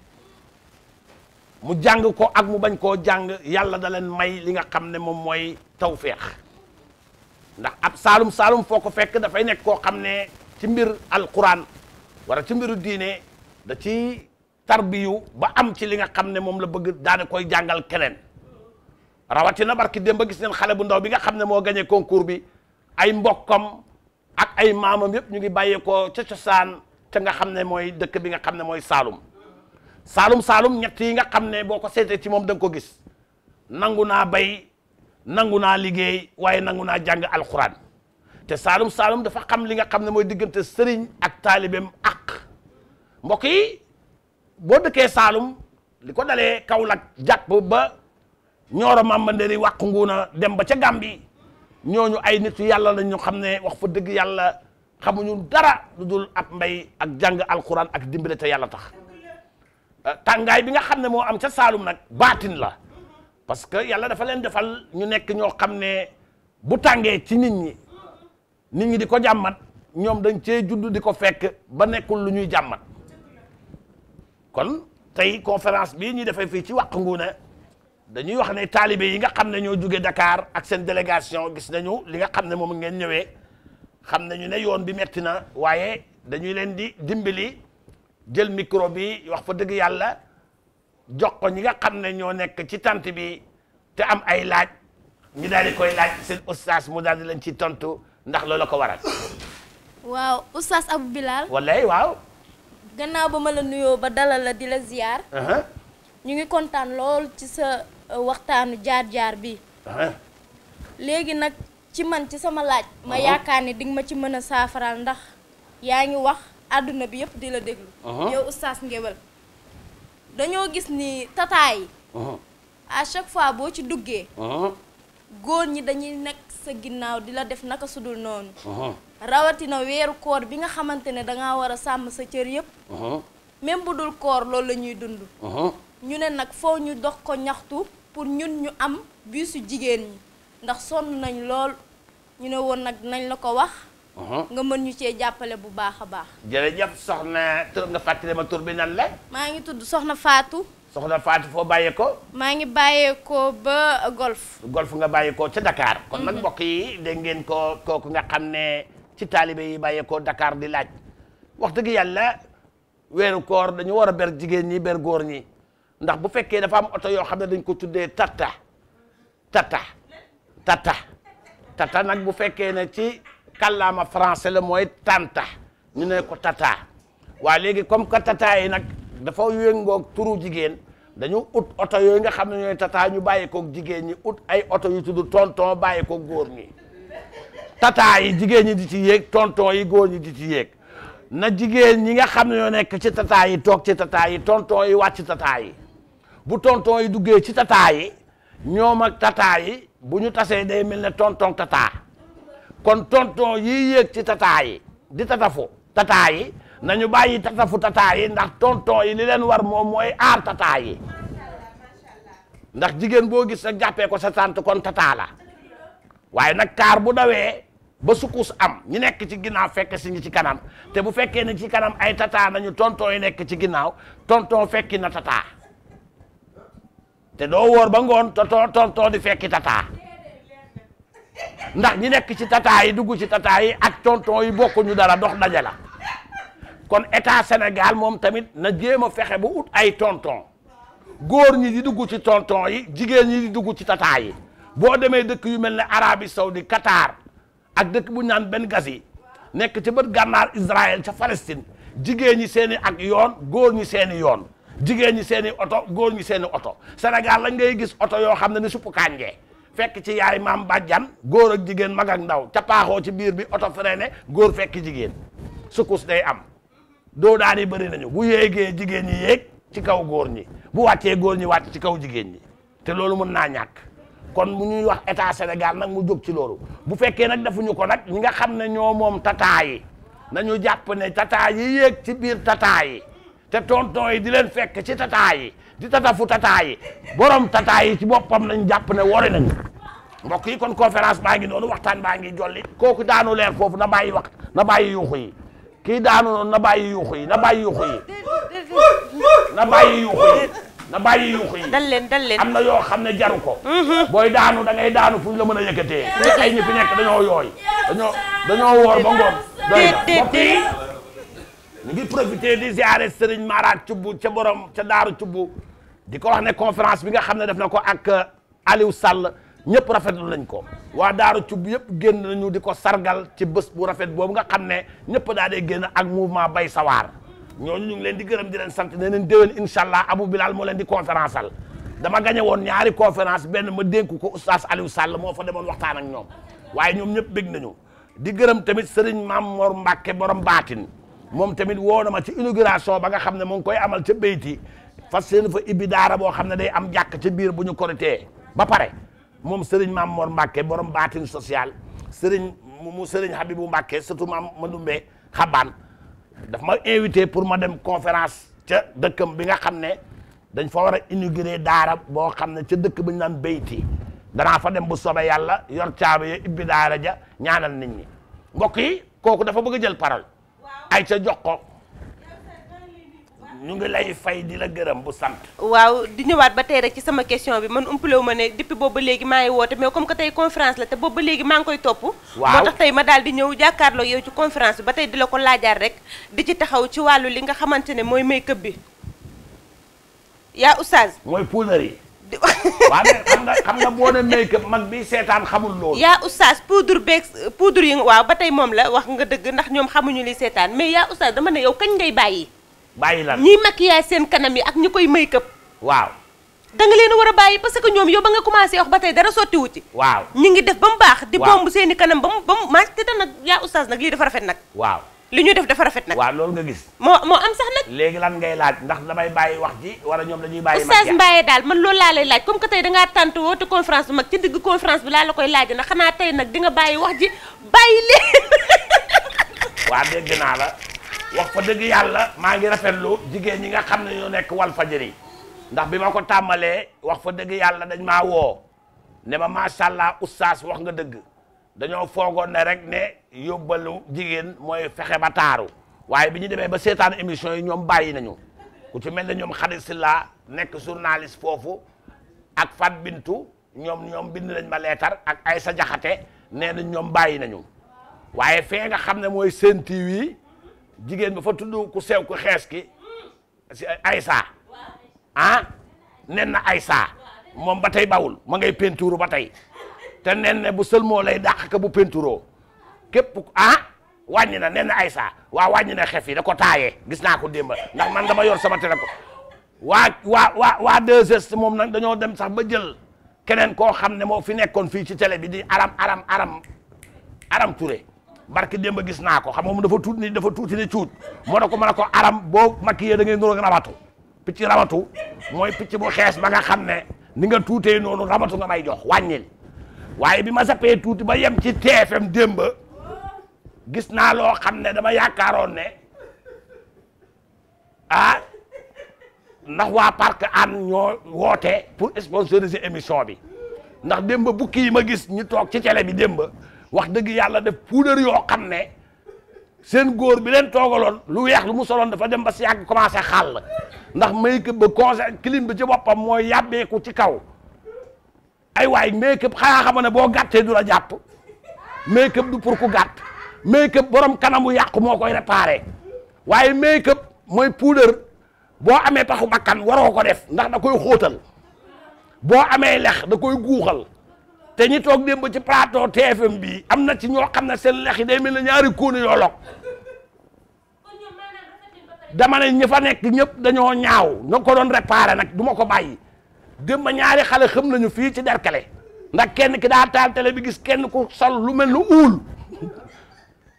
mu jàng ko ak mu bañ koo jàng yàlla da leen may li nga xam ne moom mooy tawféex ndax ab saalum saalum foo ko fekk dafay nekk koo xam ne ci mbir alquran wara ci mbiru diine da ci tarbiyu ba am ci li nga xam ne moom la bëgg daane koy jàngal keneen rawatina barki démb ba gis neen xale bu ndaw bi nga xam ne moo gagné concours bi ay mbokkam ak ay maamam yëpp ñu ngi bàyyeekoo ca cosaan ca nga xam ne mooy dëkk bi nga xam ne mooy saalum saalum saalum ñett yi nga xam ne boo ko seetee ci moom da ko gis nangu naa bay nangu naa liggéey waaye nangu naa jàng alxuraan te saalum saalum dafa xam li nga xam ne mooy diggante sëriñ ak taalibeem ak mbokk yi boo dëkkee saalum li ko dale dalee Kaolack jàpp ba ñooro mambanderi wàq na dem ba ca Gàmbi ñooñu ay nitu yàlla la ñu xam ne wax fa dëgg yàlla xamuñu dara lu dul ab mbay ak jàng alxuraan ak dimbale te yàlla tax tàngaay bi nga xam ne moo am ca Saalum nag baatin la parce que yàlla dafa leen defal ñu nekk ñoo xam ne bu tàngee ci nit ñi nit ñi di ko jàmmat ñoom dañ cee juddu di ko fekk ba nekkul lu ñuy jàmmat kon tey conférence bii ñuy defee fii ci wàq nguune dañuy wax ne taalibe yi nga xam ne ñoo jóge dakaar ak seen délégation gis nañu li nga xam ne moom ngeen ñëwee xam nañu ne yoon bi metti na waaye dañuy leen di dimbali jël micro bi wax fa dëgg yàlla jox ko ñi nga xam ne ñoo nekk ci tant bi te am ay laaj ñu daal di koy laaj seen oustaz mu daal di leen ci tontu ndax la ko waral. waaw oustaz Abou Bilal. wallaay waaw. gannaaw ba ma la nuyoo ba dalal la di la ziar. Uh-huh. ñu ngi kontaan lool ci sa uh, waxtaanu jaar-jaar bi. Uh-huh. léegi nag ci man ci sama laaj. ma uh-huh. yaakaar ne dinga ma ci mën a saafaraal ndax yaa ngi wax. àdduna bi yëpp di la déglu. Uh-huh. yow oustaz Ngéwél dañoo gis ni tata yi. Uh-huh. à chaque fois boo ci duggee. Uh-huh. góor ñi dañuy nekk sa ginnaaw di la def naka sudul noonu. rawatina weeru koor bi nga xamante ne danga war a sàmm sa cër yëpp. même bu dul koor loolu lañuy dund. ñu ne nag foo ñu dox ko ñaxtu pour ñun ñu am biisu jigéen ñi ndax sonn nañ lool ñu ne woon nag nañ la ko wax. Uh-huh. nga mën ñu cee jàppale bu baax a baax. jërëjëf soxna tur nga fàttali ma tur bi nan la. maa ngi tudd soxna Fatou. soxna Fatou foo ko maa ngi ko ba golf. golf nga bàyyeekoo ca dakaar kon mag mm-hmm. mbokk yi dégg ngeen ko kooku nga xam ne ci taalibe yi bàyyeekoo dakaar di laaj wax dëgg yàlla weeru koor dañu war a ber jigéen ñi ber góor ñi ndax bu fekkee dafa am oto yoo xam ne dañ ko tuddee tata tata tata tata nag bu fekkee ne ci. kallaama francais la mooy tanta ñu ne ko tata waa léegi comme que tata yi nag dafa yëngook turu jigéen dañu ut oto yooyu nga xam ne ñooy tata ñu bàyyi koog jigéen ñi ut ay oto yu tudd tonton bàyyi koog góor ñi tata yi jigéen ñi di ci yéeg tonton yi góor ñi di ci yéeg na jigéen ñi nga xam ne ñoo nekk ci tata yi toog ci tata yi tonton yi wàcc tata yi bu tonton yi duggee ci tata yi ñoom ak tata yi bu ñu tasee day mel ne tonton tata kon tonton yii yéeg ci tataa yi di tatafu tataa yi nañu bàyyi tatafu tataa yi ndax tonton yi li leen war moom mooy aar tataa yi ndax jigéen boo gis nag jàppee ko sa tante kon tataa la waaye nag kaar bu dawee ba sukkus am ñu nekk ci ginnaaw fekk si ñu ci kanam te bu fekkee ne ci kanam ay tataa nañu tonton yi nekk ci ginnaaw tonton fekki na tataa te doo woor ba ngoon to tonton di fekki tataa ndax ñi nekk ci tata yi dugg ci tata yi ak tonton yi bokkuñu dara dox daje la kon état senegal moom tamit na jéem a fexe bu ut ay tonton góor ñi di dugg ci tonton yi jigéen ñi di dugg ci tata yi boo demee dëkk yu mel ne Arabie Saoudi Qatar ak dëkk bu ñu naan Benghazi nekk ci bët gànnaar Israël ca Palestine jigéen ñi seeni ak yoon góor ñi seeni yoon jigéen ñi seeni oto góor ñi seeni oto senegal la ngay gis oto yoo xam ne ni suppu kànjee fekk ci yaay maam bàjjan góor ak jigéen mag ak ndaw ca paaxoo ci biir bi oto freiné góor fekk jigéen sukkus day am doo daan yi bëri nañu bu yéegee jigéen ñi yéeg ci kaw góor ñi bu wàccee góor ñi wàcc ci kaw jigéen ñi te loolu mën naa ñàkk kon mu ñuy wax état senegal nag mu jóg ci loolu bu fekkee nag defuñu ko nag ñi nga xam ne ñoo moom tataa yi nañu jàpp ne tataa yi yéeg ci biir tataa yi te tonton yi di leen fekk ci tataa yi di tatafu tataa yi borom tataa yi ci boppam nañ jàpp ne wori nañ mbokk yi kon conférence baa ngi noonu waxtaan baa ngi jolli kooku daanu leer foofu na bàyyi wax na bàyyi yuuxu yi kii daanu noonu na bàyyi yuuxu yi na bàyyi yuuxu yi na bàyyi yuuxu yi na bàyyi yuuxu yi dal leen dal leen am na yoo xam ne jaru ko mhm. booy daanu da ngay daanu fu ñu la mën a yëkkatee te ay ñi fi nekk dañoo yooy dañoo dañoo woor ba ngoon doy na mbokk yi ñu ngi profité di ziare Serigne Mara Thioub ca borom ca Daaru Thioub di ko wax ne conférence bi nga xam ne def na ko ak uh, Aliou Sall ñëpp rafetlu nañ ko waa Daaru Thioub yëpp génn nañu di ko sargal ci bés bu rafet boobu nga xam ne ñëpp daa dee génn ak ma Bay Sawaar ñooñu ñu ngi leen di gërëm di leen sant ne leen déwén incha allah Abou Bilal moo leen di conférence al dama gañe woon ñaari conférence benn ma dénku ko oustaz Aliou Sall moo fa demoon waxtaan ak ñoom waaye ñoom ñëpp bég nañu di gërëm tamit Serigne Mame Mor Mbacke borom baatin moom tamit woo na ma ci inauguration ba nga xam ne mu ngi koy amal ca béyti fas yéene fa ibbi daara boo xam ne day am jàkk ca biir bu ñu koritee ba pare moom Serigne Mame Mor Mbacke borom baatin social Serigne mu Serigne Habibou Mbacke surtout maam Madoumbe Xabaan daf ma invité pour ma dem conférence ca dëkkam bi nga xam ne dañ fa war a inauguré daara boo xam ne ca dëkk bi ñu naan béyti danaa fa dem bu soobee yàlla yor caabi ya ibbi daara ja ñaanal nit ñi mbokk yi kooku dafa bëgg jël parole. ay ca jox ko ñu ngi lay fay di la gërëm bu sant. waaw di ñëwaat ba tey rek ci sama question bi man umpale wu ma ne depuis boobu léegi maa ngi woote mais comme que tey conférence la te boobu léegi maa ngi koy topp. waaw moo tax tey ma daal di ñëw jàkkaarloo yow ci conférence bi ba tey di la ko laajaar rek di ci taxaw ci wàllu li nga xamante ne mooy make-up bi yaa oustaz. mooy yi. waa mais xam nga xam nga boo ne make man mag bi seetaan xamul loolu. yaa oustaz poudre beeg poudre yi waaw ba tey moom la wax nga dëgg ndax ñoom xamuñu li seetaan mais yaa oustaz dama ne yow kañ ngay bàyyi. bàyyi lan ñiy maquillage seen kanam yi ak ñi koy make up. waaw. da nga leen war a bàyyi parce que ñoom yow ba nga commencé wax ba tey dara sottiwu ci. waaw ñu ngi def ba mu baax. di bomb seen kanam ba mu ba mu te nag yaa oustaz nag lii dafa rafet nag. waaw. li ñu def dafa rafet nag. waa loolu nga gis. moo moo am sax nag. léegi lan ngay laaj ndax damay bàyyi wax ji wala ñoom dañuy bàyyi. Oustaz Mbaye daal man loolu laa laaj comme que tey dangaa tànt woote conférence bu mag ci digg conférence bi laa la koy laaj na xanaa tey nag di nga bàyyi wax ji bàyyi leen. la wax fa dëgg yàlla maa ngi rafetlu jigéen ñi nga xam ne ñoo nekk wal fajiri ndax bi ma ko tàmbalee wax fa dëgg yàlla dañ maa woo ne ma macha allah oustaz wax nga dëgg dañoo foogoon ne rek ne. yóbbalu jigéen mooy fexe ba taaru waaye bi ñu demee ba seetaan émission yi ñoom bàyyi nañu ku ci mel ne ñoom Xarit Silla nekk journaliste foofu ak Fat Bintu ñoom ñoom bind nañ ma leetar ak Aysa Jaxate nee na ñoom bàyyi nañu waaye fee nga xam ne mooy Sen TV jigéen ba fa tudd ku sew ku xees ki si Aysa ah nen na Aysa moom ba tey bawul ma ngay pentuuru ba tey te nen ne bu sëlmoo lay dàq ka bu pentuuroo képp ah wàññi na nee na Aïssa waa wàññi na xef yi da ko taayee gis naa ko démba ndax man dama yor sama ko waa waa waa waa 2S moom nag dañoo dem sax ba jël keneen koo xam ne moo fi nekkoon fii ci télé bi di aram aram aram aram Touré barke démba gis naa ko xam nga moom dafa tuuti ne dafa tuuti ni cuut moo da ko mën a ko aram boo makkiyee da ngay nuróog rabatu picc rabatu mooy picc bu xees ba nga xam ne ni nga tuutee noonu rabatu nga may jox wàññil waaye bi ma sappee gis naa loo xam ne dama yaakaaroon ne ah ndax waa parc an woote pour sponsoriser émission bi ndax demba bukki yi ma gis ñu toog ci télé bi démb wax dëgg yàlla def puudar yoo xam ne seen góor bi leen toogaloon lu weex lu mu soloon dafa dem si yàgg commencé xàll ndax make up ba conseil clim bi ci boppam mooy yàbbeeku ci kaw ay waay make up xanaa xam ne boo gàttee du la jàpp make up du pour ku gàtt make up borom kanamu bu yàqu moo koy réparé waaye make mooy puudar boo amee paxu bakkan waroo ko def ndax da koy xóotal boo amee lex da koy guuxal te ñi toog démb ci plateau TFM bii am na ci ñoo xam ne seen lex yi day mel ne ñaari kóone yoo lokk dama ne ñi fa nekk ñëpp dañoo ñaaw ñoo ko doon réparé nag duma ma ko bàyyi démb ñaari xale xam nañu fii ci derkele ndax kenn ki daa taal bi gis kenn ku sol lu mel lu uul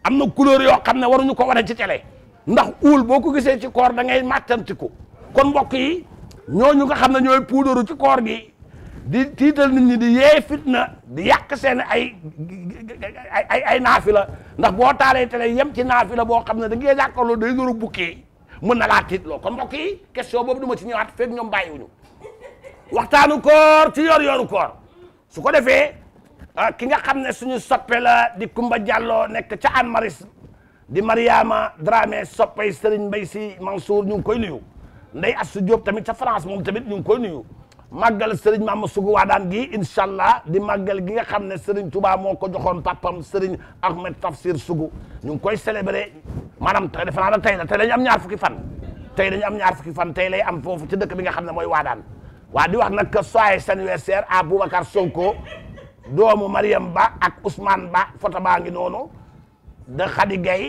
am na couleur yoo xam ne waruñu ko war wane ci télé ndax uul boo ko gisee ci koor da ngay màttantiku kon mbokk yi ñu nga xam ne ñooy puudaru ci koor gi di tiital nit ñi di yee fitna di yàq seen ay ay ay naafila ndax boo taalee télé yem ci naafila boo xam ne da ngay jàkkaarloo day nuru bukki mën na laa loo kon mbokk yi question boobu du ma ci ñëwaat fekk ñoom bàyyiwuñu waxtaanu koor ci yor-yoru koor su ko defee. Ah, ki nga xam ne suñu soppe la di Kumba Diallo nekk ca an Maris di Mariama Dramé soppay Serigne Mbaye Sy Mansour ñu ngi koy nuyu Ndeye Assou Diop tamit ca France moom tamit ñu ngi koy nuyu màggal Serigne Mamadou Sougou Wadane gi incha allah di màggal gi nga xam ne seriñ Touba moo ko joxoon papam Serigne Ahmed Tafsir Sougou ñu ngi koy célébrer maanaam tey defe naa tey la tey am ñaar fukki fan tey dañu am ñaar fukki fan tey lay am foofu ci dëkk bi nga xam ne mooy Wadane waa di wax nag que soyez anniversaire à Boubacar doomu Mariam Ba ak Ousmane Ba foto baa ngi noonu de Khady Gaye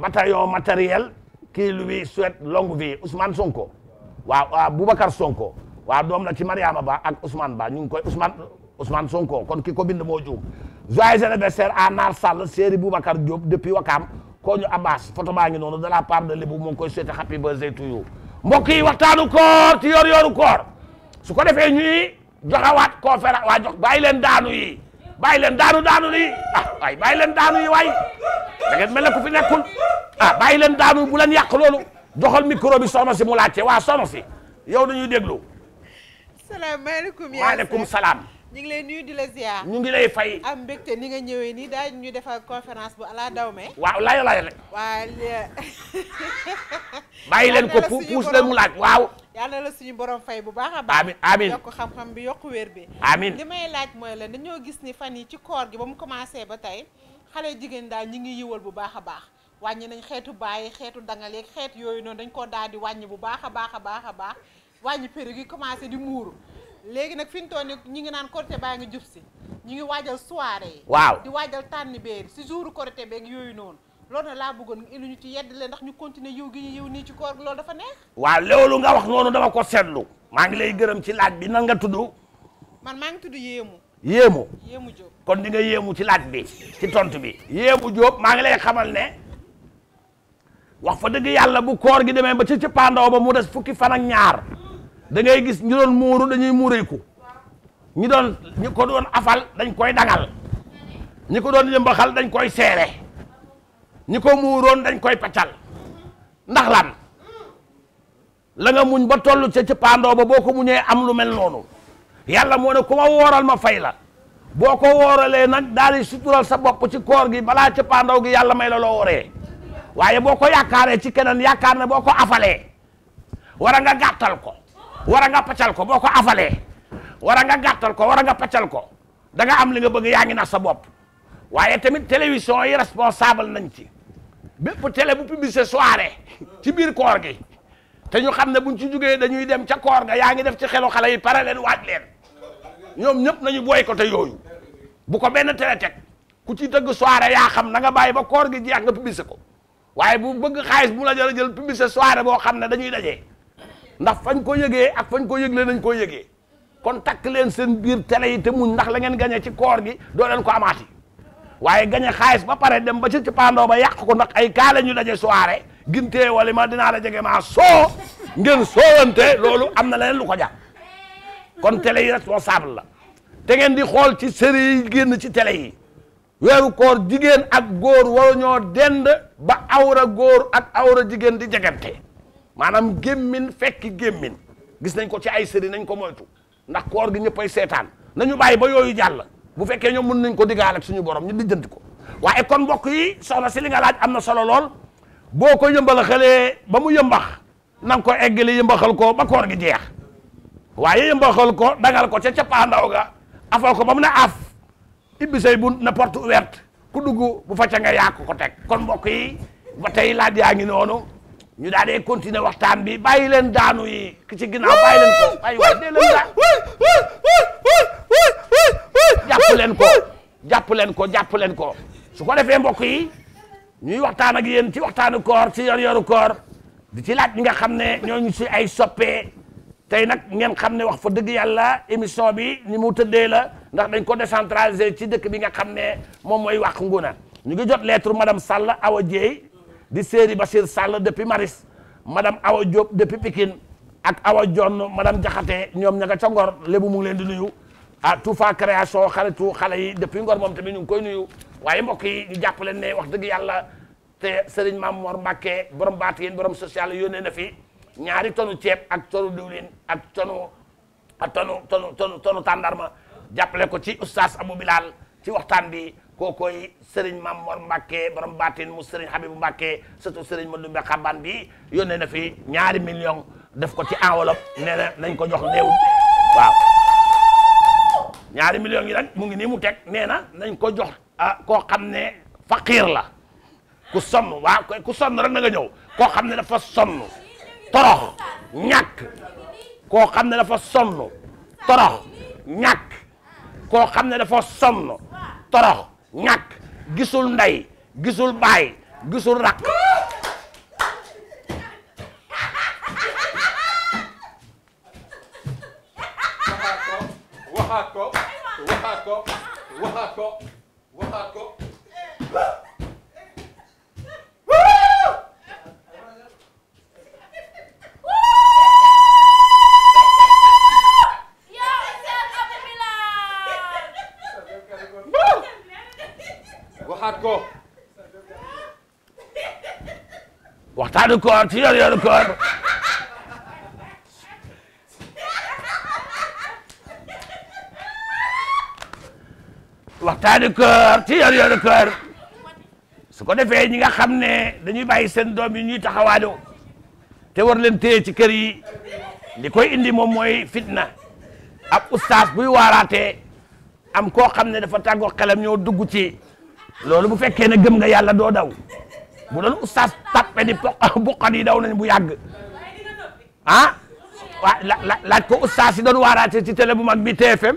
bataillon matériel qui lui souhaite longue vie Ousmane Sonko waaw Boubacar Sonko waaw doom la ci Mariama Ba ak Ousmane Ba ñu ngi koy Ousmane Ousmane Sonko kon ki ko bind moo juum joyeux anniversaire à Nar Sall Seri Boubacar Diop depuis Wakam koo ñu Abbas foto baa ngi noonu de la part de Libou mu ngi koy souhaité happy birthday to you mbokk yi waxtaanu koor ci yor-yoru koor su ko defee ñuy. joxewaat conférence waa jox bàyyi leen daanu yi bàyyi leen daanu daanu yi ah waay bàyyi leen daanu yi waay da ngeen mel ne ku fi nekkul ah bàyyi leen daanu bu leen yàq loolu joxal micro bi soxna si mu laajte waa soxna si yow nañuy déglu. salaamaaleykum yaa waaleykum salaam. ñu ngi lay nuyu di la ziar. ngi lay fay. am mbégte ni nga ñëwee nii daal ñu defal conférence bu ala dawme. waaw layo layo la. waaw. bàyyi leen ko puus la mu laaj waaw. yàlla la suñu borom fay bu baax a baax. amiin amiin yokk xam-xam bi yokk wér bi. amiin li may laaj mooy la dañoo gis ni fan yi ci koor gi ba mu commencé ba tey xale jigéen daal ñu ngi yiwal bu baax a baax. wàññi nañ xeetu bàyyi xeetu dangaleeg xeet yooyu noonu dañ koo daal di wàññi bu baax a baax a baax a baax wàññi péri gi commencé di muuru léegi nag fi ñu toll ñu ngi naan korité baa ngi jub si ñu ngi waajal soirée waaw di waajal tànn beer si jouru korité beeg yooyu noonu loolu nag laa bëggoon lu ñu ci yedd leen ndax ñu continuer yiw gi ñu yiw nii ci koor loolu dafa neex. waaw loolu nga wax noonu dama ko seetlu. maa ngi lay gërëm ci laaj bi nan nga tudd. man maa ngi tudd Yéemu. Yéemu. Yéemu Diop kon di nga yéemu ci laaj bi ci tontu bi. Yéemu Diop maa ngi lay xamal ne wax fa dëgg yàlla bu koor gi demee ba ci ci pandaw ba mu des fukki fan ak ñaar. dangay gis ñu doon muuru dañuy muureeku ñi doon ñi ko doon afal dañ koy dangal ñi ko doon yëmbaxal dañ koy seere ñi ko muuroon dañ koy paccal ndax lan la nga muñ ba toll ca ca paandoo ba boo ko muñee am lu mel noonu yàlla moo ne ku wooral ma fay la boo ko wooralee nag daal di sutural sa bopp ci koor gi balaa ca paandaw gi yàlla may la loo woree waaye boo ko yaakaaree ci keneen yaakaar ne boo ko afalee wara nga gàttal ko wara nga paccal ko boo ko afalee wara nga gàttal ko wara nga paccal ko da nga am li nga bëgg yaa ngi nax sa bopp waaye tamit télévision yi responsable nañ ci bépp télé bu publicité soirée ci biir koor gi te ñu xam ne bu buñ ci jógee dañuy dem ca koor ga yaa ngi def ci xelu xale yi pare leen waaj leen ñoom ñëpp nañu boycotté yooyu bu ko benn télé teg ku ci tëgg soirée yaa xam na nga bàyyi ba koor gi jeex nga publicité ko waaye bu bëgg xaalis bu la jël publicité soirée boo xam ne dañuy dajee ndax fañ ko yëgee ak fañ ko yëgle nañ ko yëgee kon takk leen seen biir tele yi te muñ ndax la ngeen gañe ci koor gi doo leen ko amaati waaye gañe xaalis ba pare dem ba ci ci pandoo ba yàq ko ndax ay kaale ñu daje soirée gintee wala ma dinaa la jege maa soo ngeen soowante loolu am na leneen lu ko jàpp kon télé yi responsable la te ngeen di xool ci série yi génn ci tele yi weeru koor jigéen ak góor waru ñoo dend ba awra góor ak awra jigéen di jegante maanaam gémmin fekki gémmin gis nañ ko ci ay sëriñ nañ ko moytu ndax koor gi ñëppay seetaan nañu bàyyi ba yooyu jàll bu fekkee ñoom mën nañ ko diggaal ak suñu borom ñu dijjanti ko waaye kon mbokk yi soxna si li laaj am na solo lool boo ko yëmbal xalee ba mu yëmbax na nga ko eggali yëmbaxal ko ba koor gi jeex waaye yëmbaxal ko dangal ko ca cappaandaw ga afal ko ba mu ne af ibbi say bu na porte ouverte ku dugg bu fa ca nga yàq ko teg kon mbokk yi ba tey laaj yaa ngi noonu ñu daal di continuer waxtaan bi bàyyi leen daanu yi ki ci ginnaaw bàyyi leen ko aywa dee leen daan jàpp leen ko jàpp leen ko jàpp leen ko su ko defee mbokk yi ñuy waxtaan ak yéen ci waxtaanu koor ci yor-yoru koor di ci laaj ñi nga xam ne ñooñu si ay soppee tey nag ngeen xam ne wax fa dëgg yàlla émission bi ni mu tëddee la ndax dañ ko décentralisé ci dëkk bi nga xam ne moom mooy wax nguna ñu ngi jot lettre madame Sall Awa Dieye di Séeri Bachir Sall depuis Maris madame Awa Diop depuis Pikine ak Awa Jonn madame Jaxate ñoom ña nga ca Ngor lébu mu ngi leen di nuyu ah Toufa création xaritu xale yi depuis Ngor moom tamit ñu ngi koy nuyu waaye mbokk yi ñu jàpp leen ne wax dëgg yàlla te Serigne Mamor Mbacke borom baat yéen borom social yónnee na fi ñaari tonu ceeb ak tonu diwlin ak tonu ak tonu tonu tonu jàppale ko ci oustaz Abou Bilal ci waxtaan bi. kookooy Serigne Mame Mor Mbacké borom baatin mu Serigne Habibou Mbacké surtout Serigne Madoumbe Xaban bi yónnee na fi ñaari million def ko ci enveloppe nee nañ ko jox néew waaw ñaari millions yi nag mu ngi nii mu teg nee na nañ ko jox ah koo xam ne faqiir la ku sonn waaw koy ku sonn rek na nga ñëw koo xam ne dafa sonn torox ñàkk koo xam ne dafa sonn torox xam ne dafa sonn torox ñàkk gisul ndey gisul baay gisul rakk waxaat ko waxaat ko waxtaanu koor ci yor yoru ko defee ñi nga xam ne dañuy ba seen doom yi ñuy taxawaado te war leen téye ci kër yi li koy indi moom mooy fitna ab ustaas buy waaraatee am koo xam ne dafa tàggoo xelam ñoo dugg ci loolu bu fekkee ne gëm nga yàlla doo daw bu doon oustaz tappe di buqat yi daw nañ bu yàgg ah waa la ko oustaz si doon waaraate ci télé bu mag bi TFM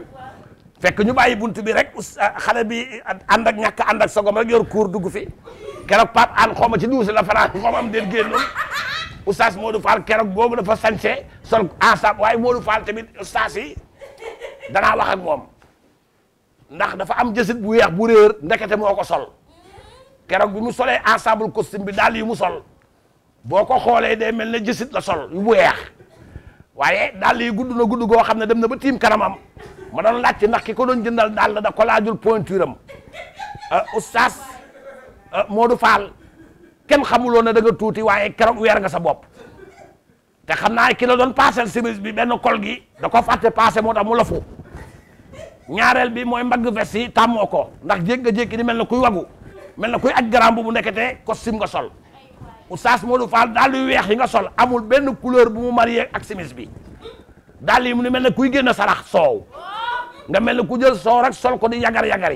fekk ñu bàyyi buntu bi rek xale bi ànd ak ñàkk ànd ak sogom rek yor kuur dugg fi keroog Pape an xawma ci duusi la faran xawma am déet génnoon moo Modou Fall keroog boobu dafa sañse sol ensemble waaye Modou Fall tamit oustaz yi danaa wax ak moom ndax dafa am jësit bu weex bu réer ndekete moo ko sol keroog bi mu solee ensemble costume bi daal yi mu sol boo ko xoolee day mel ne jësit la sol yu bu weex waaye daal yi gudd na gudd goo xam ne dem na ba tiim kanamam ma doon laajte ndax ki ko doon jëndal daal la da ko laajul pointure am euh, oustaz euh, moo Fall kenn xamuloo ne da nga tuuti waaye keroog weer nga sa bopp te xam naa ki la doon paaseel simis bi benn kol gi da ko fàtte paase moo tax mu lafu ñaareel bi mooy mbagg veste yi tàmmoo ko ndax jéeg nga jékki ni mel na kuy wagu mel na kuy ak garaam bu bu nekkatee costume nga sol oustaz Modou Fall daal yu weex yi nga sol amul benn couleur bu mu marié ak simis bi daal yi mu ni mel na kuy génn sarax soow nga mel na ku jël soow rek sol ko di yagar yagar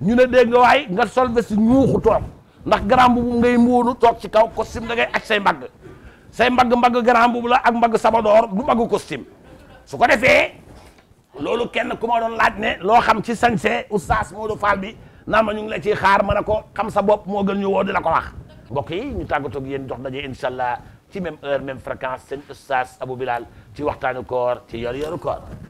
ñu ne dégg nga waay nga sol veste ñuuxu toog ndax garaam bu ngay mbuunu toog ci kaw costume da ngay aj say mbagg say mbagg mbagg garaam bu la ak mbagg sabadoor du mbagg costume su ko defee loolu kenn ku ma doon laaj ne loo xam ci sañse oustaz Modou Fall bi naa ma ñu ngi la ciy xaar mën a ko xam sa bopp moo gën ñu woo di la ko wax mbokk yi ñu tàggatoo ak yéen jox daje incha allah ci même heure même fréquence seen oustaz Abou Bilal ci waxtaanu koor ci yor yoru koor